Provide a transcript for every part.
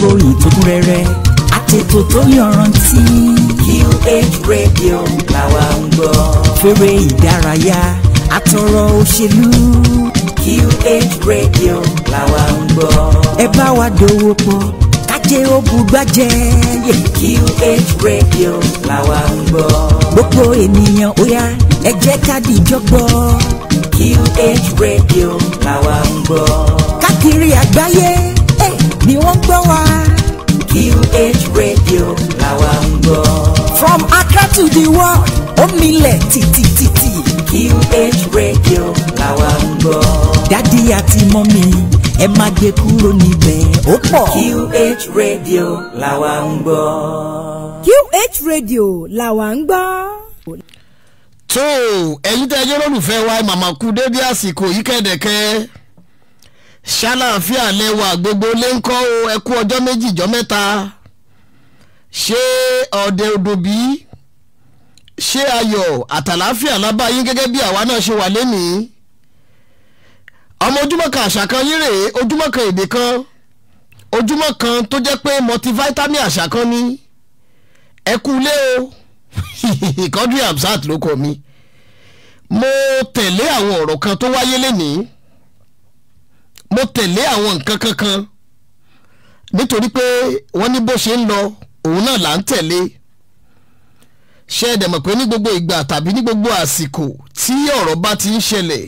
ìròyìn tó kún rẹ́rẹ́ àtètò tó yọrantí. QH radio làwa ń gbọ́. fèrè ìdárayá àtọ̀rọ̀ òṣèlú. QH radio làwa ń gbọ́. ẹ bá wa dòwò pọ̀ kájé ogun gbàjẹ́. QH radio làwa ń gbọ́. gbogbo ènìyàn ó yá ẹ jẹ́ ká dìjọ gbọ́. QH radio làwa ń gbọ́. káàkiri àgbáyé ni wọ́n gbọ́ wa. QH radio làwa ń gbọ́. From Accra to the world ó milẹ̀ tìtìtìtì. QH radio làwa ń gbọ́. dádì àti mọ́mí ẹ má gbé kúrò níbẹ̀ ó pọ̀. QH radio làwa ń gbọ́. QH radio làwa ń gbọ́ tó ẹ̀yin tẹ́ ẹ jẹ́ lólùfẹ́ wa màmá kú àsìkò yìí kẹ́dẹ̀kẹ́ ṣàlàáfíà lẹ́wà gbogbo lè ń kọ́ o ẹ kú ọjọ́ méjì jọ mẹ́ta ṣé ọ̀dẹ òdòbí ṣé ayọ̀ àtàlàáfíà lábáyé gẹ́gẹ́ bí àwa náà ṣe wà lénìí ọmọ ojúmọ́ kan àṣà kan yín rèé kan èdè kan ojúmọ́ kan tó jẹ́ pé multivitamin àṣà kan ní ẹ lé o Quadri Hamzat ló kọ mi mo tẹ̀lé àwọn ọ̀rọ̀ kan tó wáyé lénìí mo tẹ̀lé àwọn nǹkan kankan nítorí pé wọ́n ní bó ṣe ń lọ òun náà là ń tẹ̀lé ṣe é dẹ̀mọ̀ pé ní gbogbo ìgbà tàbí ní gbogbo àsìkò tí ọ̀rọ̀ bá ti ń ṣẹlẹ̀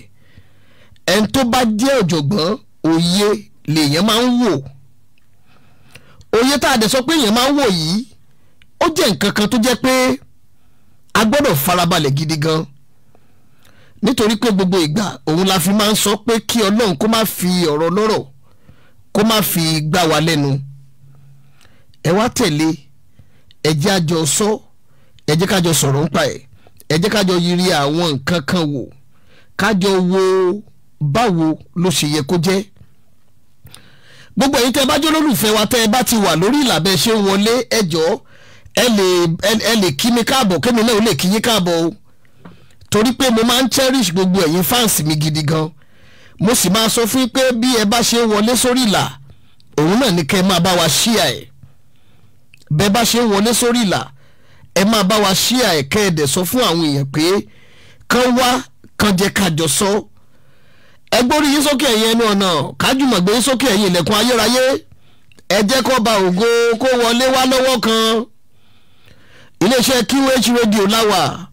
ẹni tó bá jẹ́ ọ̀jọ̀gbọ́n òye lèèyàn máa ń wò òye tá a dẹ̀ sọ pé èèyàn máa ń wò yìí ó jẹ́ nǹkan kan tó jẹ́ pé a gbọ́dọ̀ farabalẹ̀ gidi gan nítorí pé gbogbo ìgbà òun la fi máa ń sọ pé kí ọlọ́run kó má fi ọ̀rọ̀ lọ́rọ̀ kó má fi gbá wa lẹ́nu ẹ wá tẹ̀lé ẹ jẹ́ àjọ sọ ẹ jẹ́ kájọ sọ̀rọ̀ nípa ẹ̀ ẹ jẹ́ kájọ yiri àwọn nǹkan kan wò kájọ wo báwo ló ṣe yẹ kó jẹ́ gbogbo èyí tẹ́ bá jọ lólùfẹ́ wa tẹ́ bá ti wà lórí ìlà wọlé ẹjọ́ ẹ lè kí mi káàbọ̀ kémi náà ó lè kí yín káàbọ̀ o torí pé mo máa ń cherish gbogbo ẹ̀yin fans mi gidi gan mo sì máa sọ fún yín pé bí ẹ bá ṣe wọlé sórí ìlà òun náà ni kẹ́ ẹ máa bá wa ṣíà ẹ̀ bẹ́ẹ̀ bá ṣe wọlé sórí ìlà ẹ máa bá wa ṣíà ẹ̀ kẹ́ ẹ dẹ̀ sọ fún àwọn èèyàn pé kán wá kán jẹ́ kájọ sọ ẹ gbórí yín sókè ẹ̀yin ẹnu ọ̀nà kájùmọ̀ gbé yín sókè ẹ̀yin ilẹ̀kùn ayérayé ẹ jẹ́ kó ba ògo kó wọlé wá lọ́wọ́ kan iléeṣẹ́ QH radio láwàá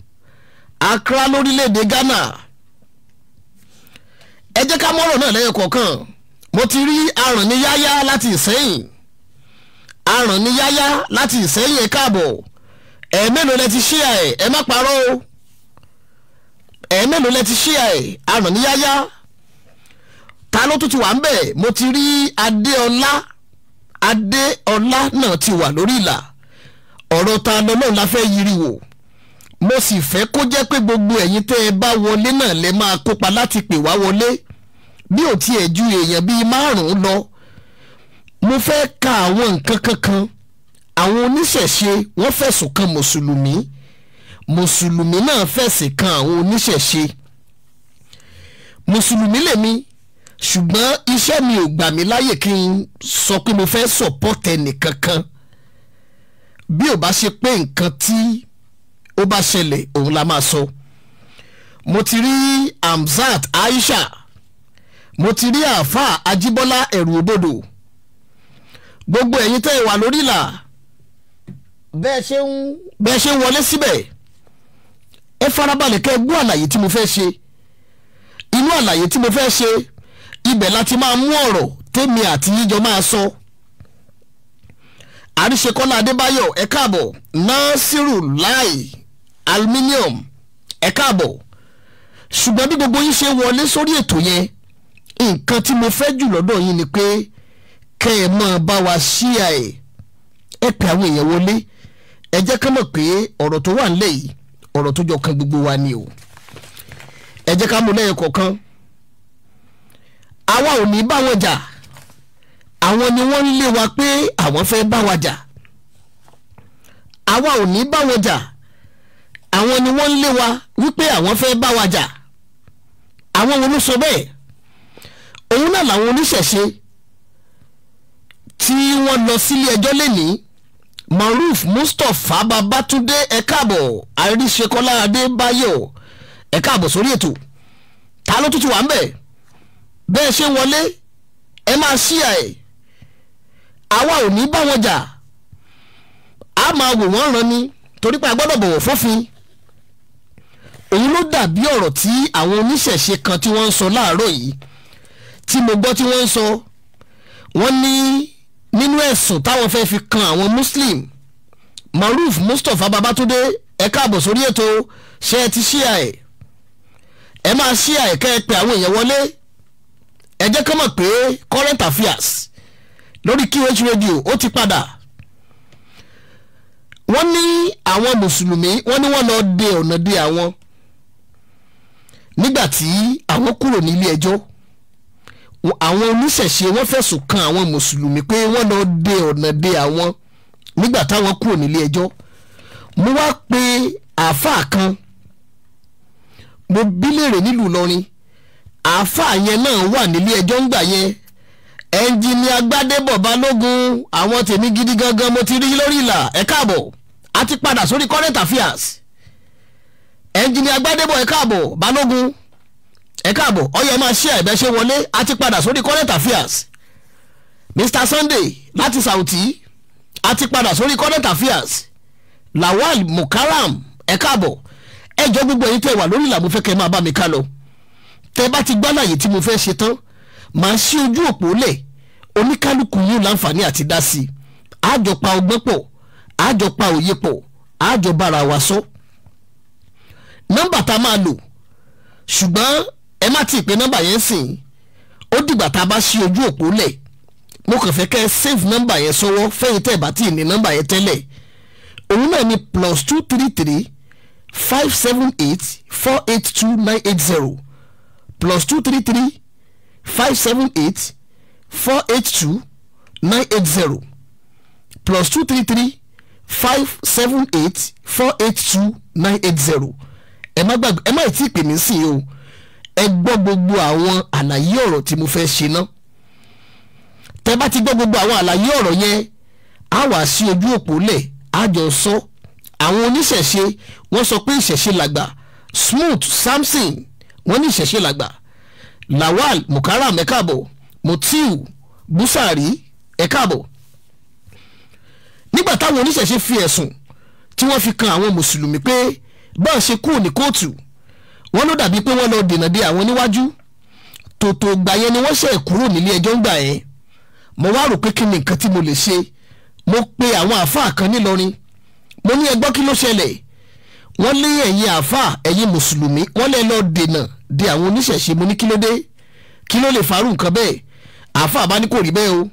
Accra lórílẹ̀‐èdè Ghana ẹ jẹ́ ká mọ́rọ̀ náà lẹ́yìn kọ̀ọ̀kan mo ti rí aràn ní yáyá láti Ìsẹ́yìn aràn ní yáyá láti Ìsẹ́yìn ẹ káàbọ̀ ẹ̀ẹ́mẹ́lò lẹ ti ṣíà ẹ̀ ẹ má parọ́ o ẹ̀ẹ́mẹ́lò lẹ ti ṣíà ẹ̀ aràn ní yáyá ta ló tún ti wà ń bẹ̀ mo ti rí Adéọlá Adéọlá náà ti wà lórí ìlà ọ̀rọ̀ ta lọ́lọ́run la fẹ́ yiri wò mo sì fẹ́ kó jẹ́ pé gbogbo ẹ̀yin tẹ́ ẹ bá wọlé náà lẹ máa kópa láti pè wá wọlé bí ò tiẹ̀ ju èèyàn bíi márùn-ún lọ mo fẹ́ ka àwọn nǹkan kankan àwọn oníṣẹ̀ṣe wọ́n fẹ̀sùn kan mùsùlùmí mùsùlùmí náà fẹ̀sùn kan àwọn oníṣẹ̀ṣe mùsùlùmí lèmi ṣùgbọ́n iṣẹ́ mi ò gbà mí láyè kí n sọ pé mo fẹ́ sọ̀pọ̀tẹ̀ nìkankan bí ò bá ṣe pé nǹkan Tí ó bá ṣẹlẹ̀ òun la máa sọ mo ti rí Hamzat Aisha mo ti rí àáfà Ajíbọ́lá ẹ̀rù òbodò gbogbo ẹ̀yin tẹ́ ẹ wà lórí là bẹ́ẹ̀ ṣe ń bẹ́ẹ̀ ṣe ń wọlé síbẹ̀ ẹ farabalẹ̀ kẹ́ ẹ gbọ́ àlàyé tí mo fẹ́ ṣe inú àlàyé tí mo fẹ́ ṣe ibẹ̀ láti máa mú ọ̀rọ̀ tèmi àti yíjọ máa sọ àríṣekọ́lá adébáyọ̀ ẹ káàbọ̀ násírù láì aluminium ẹ káàbọ̀ ṣùgbọ́n bí gbogbo yín ṣe wọlé sórí ètò yẹn nǹkan tí mo fẹ́ jù lọ́dọ̀ yín ni pé kẹ́ ẹ máa bá wa ṣíà ẹ̀ ẹ pè àwọn èèyàn wọlé ẹ jẹ́ ká mọ̀ pé ọ̀rọ̀ tó wà nílẹ̀ yìí ọ̀rọ̀ tó jọ kan gbogbo wa ni o ẹ jẹ́ ká mú lẹ́yìn kọ̀ọ̀kan àwa ò ní bá wọn jà àwọn ni wọ́n ń lé wa pé àwọn fẹ́ bá wa jà àwa ò ní bá wọn jà àwọn ni wọ́n ń lé wa wípé àwọn fẹ́ bá wa jà àwọn wo ló sọ bẹ́ẹ̀ òun náà làwọn oníṣẹ̀ṣe tí wọ́n lọ sílé ẹjọ́ lénìí maruf mustapha babatunde ẹ̀káàbọ̀ àríṣekọ́lá adébáyọ̀ ẹ̀káàbọ̀ sórí ètò ta ló tún ti wà ń bẹ̀ bẹ́ẹ̀ ṣe wọlé ẹ máa ṣíà ẹ̀ àwa ò ní bá wọn jà á máa wò wọ́n ràn ni torí pé a gbọ́dọ̀ bọ̀wọ̀ fófin èyí ló dàbí ọ̀rọ̀ tí àwọn oníṣẹ̀ṣe kan tí wọ́n ń sọ láàárọ̀ yìí tí mo gbọ́ tí wọ́n ń sọ wọ́n ní nínú ẹ̀sùn táwọn fẹ́ fi kan àwọn muslim maruf mustapha babatunde ẹ káàbọ̀ sórí ètò ṣe ẹ ti ṣíà ẹ̀ ẹ máa ṣíà ẹ̀ kẹ́ ẹ pe àwọn èèyàn wọlé ẹ jẹ́ kọ́ mọ̀ pé current affairs lórí QH radio ó ti padà wọ́n ní àwọn mùsùlùmí wọ́n ní wọ́n lọ de ọ̀nà de àwọn nígbà tí àwọn kúrò ní ilé ẹjọ́ àwọn oníṣẹ̀ṣe wọ́n fẹ̀sùn kan àwọn mùsùlùmí pé wọ́n lọ de ọ̀nà de àwọn nígbà táwọn kúrò nílé ẹjọ́ mo wá pe àáfàá kan mo bí léèrè nílùú Ìlọrin àáfàá yẹn náà wà nílé ẹjọ́ ńgbà yẹn ẹnjìníà Gbádébọ̀ Balógun àwọn tèmi gidi gangan mo ti rí lórí ìlà ẹ káàbọ̀ a ti padà sórí current affairs ẹnjìnì agbádébọ̀ ẹ káàbọ̀ balógun ẹ káàbọ̀ ọyọ ẹ máa ṣe ẹ̀bẹ̀ ṣe wọlé a padà sórí current affairs Mr Sunday láti sauti, a ti padà sórí current affairs Lawal Mukaram ẹ káàbọ̀ ẹ jọ gbogbo ẹ̀yin tẹ́ wà lórí ìlà mo fẹ́ kẹ́ máa bá mi ká lọ tẹ́ bá ti gbálàyè tí mo fẹ́ ṣe tán màá ṣí ojú òpó lẹ̀ oníkálukú yín láǹfààní àti dá sí i àjọpa ọgbọ́n pọ̀ àjọpa òye pọ̀ àjọbára wa sọ nọ́mbà tá a máa lò ṣùgbọ́n ẹ má ti pè nọ́mbà yẹn sìn ó dìgbà tá a bá ṣí ojú òpó lẹ̀ mo kàn fẹ́ kẹ́ save nọ́mbà yẹn sọ́wọ́ fẹ́yìn tẹ́ ẹ̀ bá ti ní nọ́mbà yẹn tẹ́lẹ̀ òun náà ni plus two three three five seven eight four eight two nine eight zero plus two three three five seven eight four eight two nine eight zero plus two three three five seven eight four eight two nine eight zero ẹ má gbàgbé ẹ má ì tí ì pè mí sí i o ẹ gbọ́ gbogbo àwọn àlàyé ọ̀rọ̀ tí mo fẹ́ ṣe ná tẹ bá ti gbọ́ gbogbo àwọn àlàyé ọ̀rọ̀ yẹn á wà sí ojú òpó lẹ̀ á jọ sọ àwọn oníṣẹ̀ṣe wọ́n sọ pé ìṣẹ̀ṣe làgbà Smooth Samson wọ́n ní ìṣẹ̀ṣe làgbà Lawal Mukaram ẹ káàbọ̀ Mutiu Busari ẹ káàbọ̀ nígbà táwọn oníṣẹ̀ṣe fi ẹ̀sùn tí wọ́n fi kan àwọn mùsùlùmí pé bá a ṣe kú ní kóòtù wọ́n ló dàbí pé wọ́n lọ dènà de àwọn níwájú tòótò gbà yẹn ni wọ́n ṣe kúrò nílé ẹjọ́ ń gbà yẹn mo wá rò pé kí ni nǹkan tí mo lè ṣe mo pe àwọn àáfàá kan nílọrin mo ní ẹgbọ́ kí ló ṣẹlẹ̀ wọ́n lé ẹ̀yin àáfàá ẹ̀yin mùsùlùmí wọ́n lè lọ dènà de àwọn oníṣẹ̀ṣe mo ní kí ló dé kí ló lè farú nǹkan bẹ́ẹ̀ àáfàá bá ní kò rí bẹ́ẹ̀ o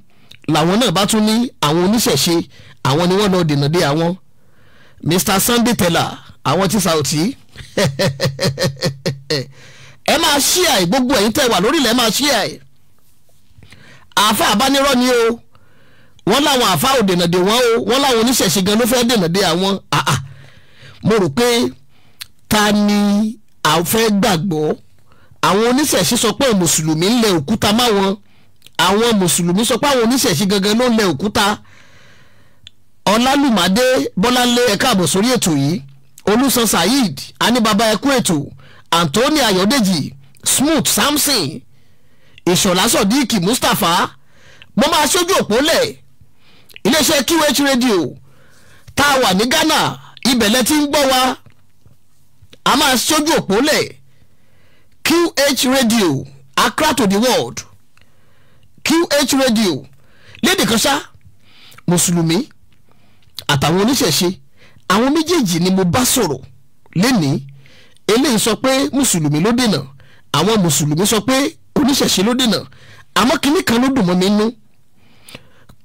làwọn náà bá tún ní àwọn oníṣẹ̀ṣe àwọn ni wọ́n lọ dènà de àwọn Mr Sunday Teller àwọn tí Saoty ẹ máa share ẹ gbogbo ẹ̀yin tẹ́ wà lórílẹ̀ ẹ máa share ẹ àáfà àbánirọ́ ni o wọ́n láwọn àáfà ò dènà dè wọ́n o wọ́n láwọn oníṣẹ̀ṣe gan ló fẹ́ dènà dè àwọn àà mo rò pé ta ni a fẹ́ gbàgbọ́ àwọn oníṣẹ̀ṣe sọ pé mùsùlùmí ń lẹ òkúta máwọn àwọn mùsùlùmí sọ pé àwọn oníṣẹ̀ṣe gangan ló ń lẹ òkúta ọlálùmádé bọ́láńlé ẹ̀ka àbọ̀ ètò yìí olùsàn saheed anibaba ẹkú ètò anthony ayọ̀dèjì smooth samson ìṣọ̀lá sọ̀díìkì mustapha mo máa ṣojú òpó lẹ̀ qh radio tá a wà ní ghana ibẹ̀ ti ń gbọ́ wa a máa ṣojú òpó qh radio accra to the world qh radio lédè kan ṣá mùsùlùmí àtàwọn oníṣẹ̀ṣe àwọn méjèèjì ni mo bá sọ̀rọ̀ lénìí eléyìí sọ pé mùsùlùmí ló dènà àwọn mùsùlùmí sọ pé oníṣẹ̀ṣe ló dènà àmọ́ kinní kan ló dùn mọ́ mi nú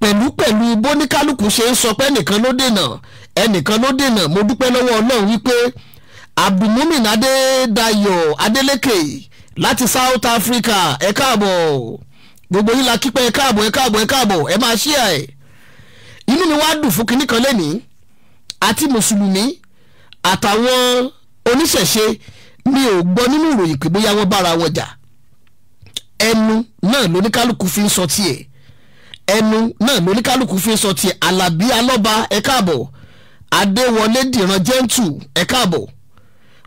pẹ̀lú pẹ̀lú bóníkálukú ṣe ń sọ pé ẹnìkan ló dènà ẹnìkan ló dènà mo dúpẹ́ lọ́wọ́ ọlọ́run wípé abdulmumin adédayọ̀ adélékè láti South Africa ẹ káàbọ̀ gbogbo yín la kí pé ẹ káàbọ̀ ẹ káàbọ̀ ẹ káàbọ̀ ẹ máa ṣíà ẹ inú mi wá dùn fún kinní kan lénìí àti mùsùlùmí àtàwọn oníṣẹ̀ṣe mi ò gbọ́ nínú ìròyìn pé bóyá wọ́n bára wọn jà ẹnu náà lóníkálukú fi ń sọ tiẹ̀ ẹnu náà lóníkálukú fi ń sọ tiẹ̀ alábí alọ́ba ẹ káàbọ̀ adéwọlé dìran jẹ́ǹtù ẹ káàbọ̀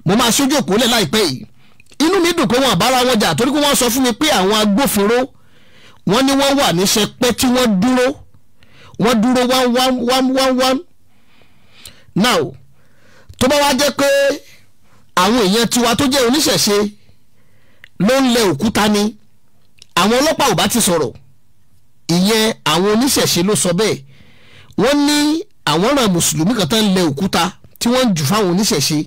mo máa ṣojú òpó lẹ̀ láìpẹ́ yìí inú mi dùn pé wọn àbára wọn jà torí pé wọ́n sọ fún mi pé àwọn agbófinró wọ́n ní wọ́n wà níṣẹ́ pẹ́ tí wọ́n dúró wọ́n dúró wán now tó bá wá jẹ́ pé àwọn èèyàn tiwa tó jẹ́ oníṣẹ̀ṣe ló ń lẹ òkúta ni àwọn ọlọ́pàá ò bá ti sọ̀rọ̀ ìyẹn àwọn oníṣẹ̀ṣe ló sọ bẹ́ẹ̀ wọ́n ní àwọn ọ̀ràn mùsùlùmí kan tán ń lẹ òkúta tí wọ́n ń jù fáwọn oníṣẹ̀ṣe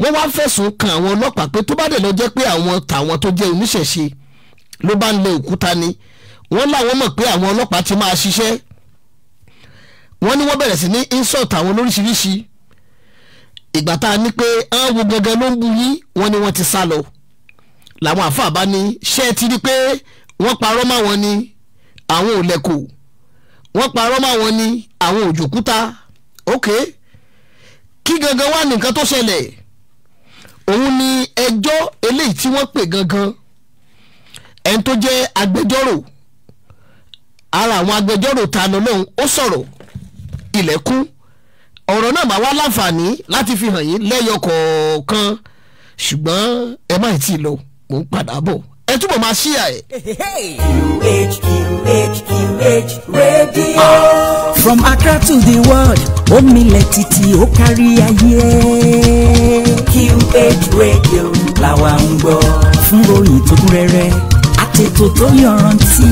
wọ́n wá fẹ̀sùn kan àwọn ọlọ́pàá pé tó bá dẹ̀ lọ jẹ́ pé àwọn tàwọn tó jẹ́ oníṣẹ̀ṣe ló bá ń lẹ òkúta ni wọ́n láwọn mọ̀ pé àwọn ọlọ́pàá ti máa ṣiṣẹ́ wọ́n ní wọ́n bẹ̀rẹ̀ sí ní insult àwọn lóríṣiríṣi ìgbà tá a ní pé àwọn wo gangan ló ń bu yín wọ́n ní wọ́n ti sá lọ làwọn àáfàá bá ní ṣé ẹ ti rí pé wọ́n parọ́ mọ́ wọn ni àwọn ò lẹ́kọ̀ọ́ wọ́n parọ́ mọ́ wọn ni àwọn ò jòkúta ok kí gangan wà nìkan tó ṣẹlẹ̀ òun ni ẹjọ́ eléyìí tí wọ́n pè gangan ẹni tó jẹ́ agbẹjọ́rò ara àwọn agbẹjọ́rò ta lọ́lọ́run ó sọ̀rọ̀ ilẹ̀kùn ọ̀rọ̀ náà máa wá láǹfààní láti fi hàn yín lẹ́yọ ṣùgbọ́n ẹ má ì lọ mò ń padà bọ̀ ẹ túbọ̀ máa ṣíyà ẹ̀. From Accra to the world ó milẹ̀ títí ó kárí ayé. QH rédíò làwa ń gbọ́. fún ròyìn tó kún rẹ́rẹ́ àtètò tó yọrantí.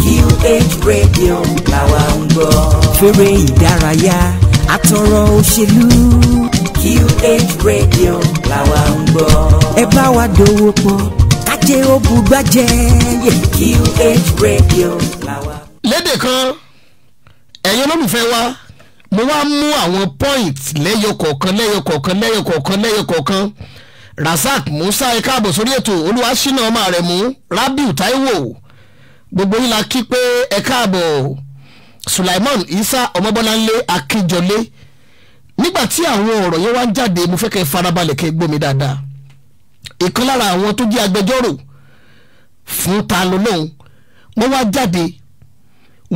QH rédíò làwa ń gbọ́ fèrè ìdárayá àtọ̀rọ̀ òṣèlú. QH radio làwa ń gbọ́. ẹ bá wa dòwò pọ̀ kájẹ́ ó bugbájẹ́. QH radio làwa. lédè kan ẹ̀yin olólùfẹ́ wa mo wá mú àwọn point lẹ́yọ kọ̀ọ̀kan lẹ́yọ kọ̀ọ̀kan lẹ́yọ Musa ẹ káàbọ̀ sórí ètò Olúwaṣínà ọmọ rẹ̀ mú Rabiu Taiwo gbogbo yín la kí pé ẹ káàbọ̀ Sulaiman Isa Ọmọbọ́láńlé Akínjọlé nígbà tí àwọn ọ̀rọ̀ yẹn wá ń jáde mo fẹ́ kẹ́ farabalẹ̀ kẹ́ gbómi dáadáa ìkan lára àwọn tó jẹ́ agbẹjọ́rò fún ta lọ́lọ́hún wọ́n wá jáde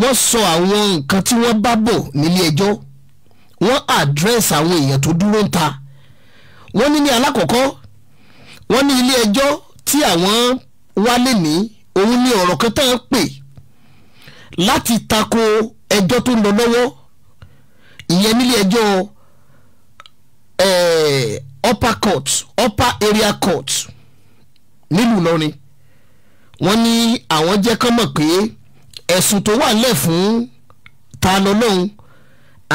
wọ́n sọ àwọn nǹkan tí wọ́n bá bọ̀ nílé ẹjọ́ wọ́n àdírẹ́sì àwọn èèyàn tó dúró ń ta wọ́n ní ní alákọ̀ọ́kọ́ wọ́n ní ilé ẹjọ́ tí àwọn wálé ní òun ní ọ̀rọ̀ kan tá pè láti tako ẹjọ́ tó ń lọ lọ́wọ́ ìyẹn nílé ẹjọ́ upper court upper area court nílùú Ìlọrin wọ́n ní àwọn jẹ́ kán mọ̀ pé ẹ̀sùn tó wà lẹ̀ fún Tanilọ́lọ́hun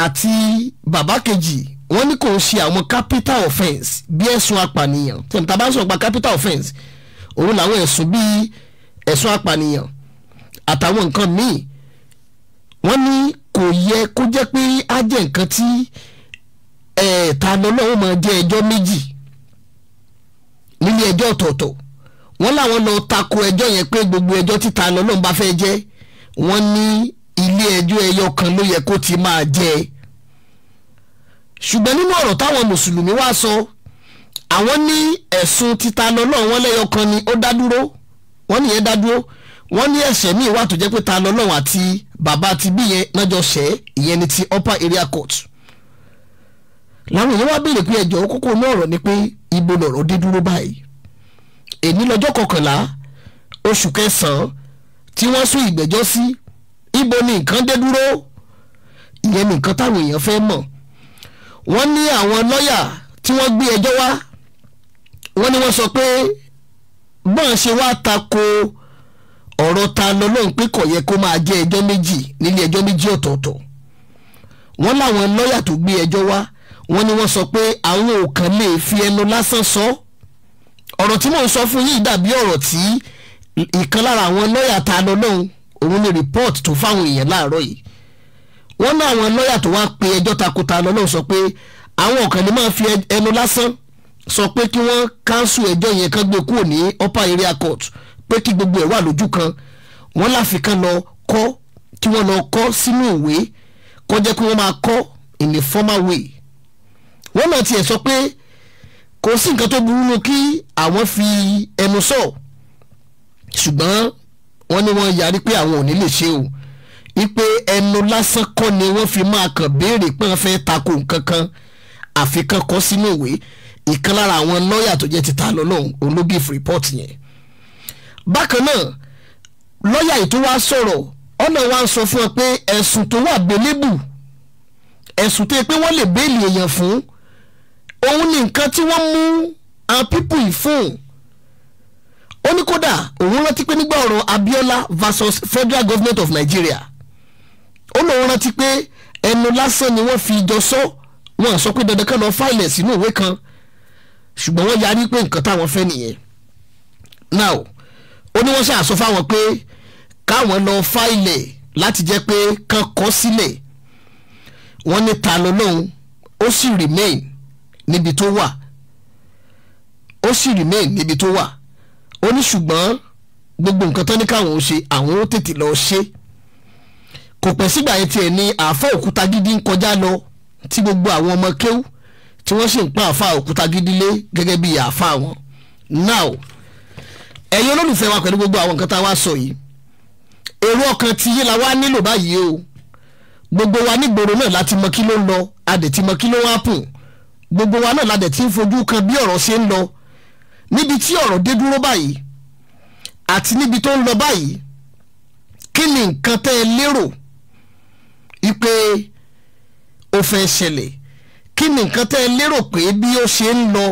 àti bàbá kejì wọ́n ní kò ń ṣe àwọn capital offence bí ẹ̀sùn apànìyàn tẹ̀mí tá bá ń sọ̀rọ̀ pa capital offence òun làwọn ẹ̀sùn bíi ẹ̀sùn apànìyàn àtàwọn nǹkan míì wọ́n ní kò yẹ kó jẹ́ pé á jẹ́ nǹkan tí ẹ̀ẹ̀ta lọ́lọ́run máa jẹ́ ẹjọ́ méjì nílé ẹjọ́ ọ̀tọ̀ọ̀tọ̀ wọ́n láwọn lọ tako ẹjọ́ yẹn pé gbogbo ẹjọ́ títa lọ́lọ́run bá fẹ́ jẹ́ wọ́n ní ilé ẹjọ́ ẹyọ kan ló yẹ kó ti máa jẹ́ ṣùgbọ́n nínú ọ̀rọ̀ táwọn mùsùlùmí wá sọ àwọn ní ẹ̀sùn títa lọ́lọ́run wọn lẹ́yọ kan ni ó dá wọ́n nìyẹn dá wọ́n ní ẹ̀ṣẹ̀ míì wà tó jẹ́ pé ta lọ́lọ́run àti bàbá ti bí yẹn lọ́jọ́ ṣẹ́ ìyẹn ni ti upper area court làwọn èèyàn wá béèrè pé ẹjọ́ kókó ní ọ̀rọ̀ ni pé ibo lọ̀rọ̀ dé dúró báyìí èní lọ́jọ́ kọkànlá oṣù kẹsàn-án tí wọ́n sún ìgbẹ́jọ́ sí ibo ni nǹkan dé dúró ìyẹn ni nǹkan táwọn èèyàn fẹ́ mọ̀ wọ́n ní àwọn lọ́ọ̀yà tí wọ́n gbé ẹjọ́ wá wọ́n ní wọ́n sọ pé bọ́n ṣe wá tako ọ̀rọ̀ ta lọ́lọ́run pé kò yẹ kó máa jẹ́ ẹjọ́ méjì nílé ẹjọ́ méjì ọ̀tọ̀ọ̀tọ̀ wọ́n láwọn lọ́ọ̀yà tó gbé ẹjọ́ wá wọ́n ní wọ́n sọ pé àwọn ò kàn lè fi ẹnu lásán sọ ọ̀rọ̀ tí mò ń sọ fún yìí dàbí ọ̀rọ̀ tí ìkan lára àwọn lọ́ọ̀yà ta lọ́lọ́run òun ní report tó fáwọn èèyàn láàárọ̀ yìí wọ́n ní àwọn lọ́ọ̀yà tó wá pe ẹjọ́ takuta lọ́lọ́run sọ pé àwọn ò kàn lè máa fi ẹnu lásán sọ pé kí wọ́n káńsù ẹjọ́ yẹn kan gbé kúrò ní upper area court pé kí gbogbo ẹ̀ wà lójú kan wọ́n láfi kan lọ kọ́ kí wọ́n lọ kọ́ sínú ìwé kọ́ jẹ́ kí máa kọ́ in a formal way wọ́n náà tiẹ̀ sọ pé kò sí nǹkan tó burú kí àwọn fi ẹnu sọ ṣùgbọ́n wọ́n ní wọ́n yarí pé àwọn ò ní lè ṣe o ipe ẹnu lásán kọ́ ni wọ́n fi máa kàn béèrè pé wọ́n fẹ́ tako nǹkan kan àfikàn kọ́ sínú ìwé ìkan lára àwọn lọ́ọ̀yà tó jẹ́ ti ta lọ́lọ́run ológì fún rìpọ́ọ̀tì yẹn bákan náà lọ́ọ̀yà yìí tó wá sọ̀rọ̀ ọ̀nà wa ń sọ fún ọ pé ẹ̀sùn tó wà bẹ́lẹ́bù ẹ̀sùn tó yẹ pé wọ́n lè béèlì èèyàn fún òun ni nǹkan tí wọ́n mú àwọn pípù yìí fún ó ní kódà òun rántí pé nígbà ọ̀rọ̀ Abiola versus Federal Government of Nigeria ó lóun rántí pé ẹnu lásán ni wọ́n fi jọ sọ wọ́n sọ pé dandan kan lọ fáìlì sínú ìwé kan ṣùgbọ́n wọ́n yarí pé nǹkan táwọn fẹ́ nìyẹn now ó ní wọ́n ṣe àsọ fáwọn pé káwọn lọ fáìlẹ̀ láti jẹ́ pé kán kọ́ sílẹ̀ wọ́n ní ta lọ́lọ́hún ó sì remain níbi tó wà ó sì remain níbi tó wà ó ní ṣùgbọ́n gbogbo nǹkan tó ní káwọn ó ṣe àwọn ó tètè lọ ṣe kò pẹ́ sígbà yẹn tiẹ̀ ní àáfà òkúta gidi ń kọjá lọ tí gbogbo àwọn ọmọ kéwú tí wọ́n sì ń pa àáfà òkúta gidi lé gẹ́gẹ́ bí àáfà wọn now ẹ̀yin olólùfẹ́ wa pẹ̀lú gbogbo àwọn nǹkan tá a wá sọ yìí èrò ọkàn ti yí la wá nílò báyìí o gbogbo wa nígboro náà láti mọ kí ló ń lọ adẹ̀ ti mọ kí ló ń hápùn gbogbo wa náà ládẹ̀ ti ń fojú kan bí ọ̀rọ̀ ṣe ń lọ níbi tí ọ̀rọ̀ dé dúró báyìí àti níbi tó ń lọ báyìí kí ni nǹkan tẹ́ ẹ lérò ipe ó fẹ́ kí ni nǹkan tẹ́ ẹ lérò pé bí ó ṣe ń lọ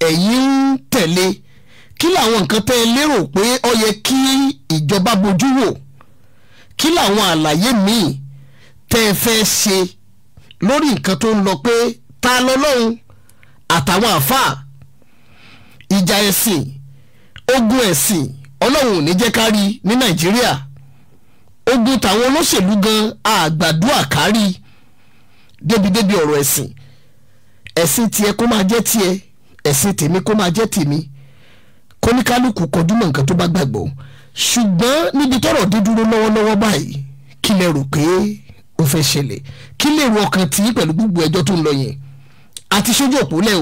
ẹ̀yin ń tẹ̀lé kí làwọn nǹkan tẹ́ ẹ lérò pé ó yẹ kí ìjọba bójú wò kí làwọn àlàyé míì tẹ́ ẹ fẹ́ ṣe lórí nǹkan tó ń lọ pé ta lọ́lọ́run àtàwọn àáfàá ìjà ẹ̀sìn ogun ẹ̀sìn ọlọ́run ò ní jẹ́ ká rí ní nàìjíríà ogun tàwọn olóṣèlú gan àgbàdua kárí débìdébì ọ̀rọ̀ ẹ̀sìn ẹ̀sìn tiẹ̀ kó máa jẹ́ tiẹ̀ ẹ̀sìn tèmi kó máa jẹ́ tèmi kóníkálukú kọjú mọ́ nǹkan tó bá gbàgbọ́ ṣùgbọ́n níbi tọ́rọ̀ dé dúró lọ́wọ́lọ́wọ́ báyìí kí lẹ rò pé ó fẹ́ ṣẹlẹ̀ kí lè rò ọkàn tí pẹ̀lú gbogbo ẹjọ́ tó ń lọ yẹn àti sójú òpó lẹ́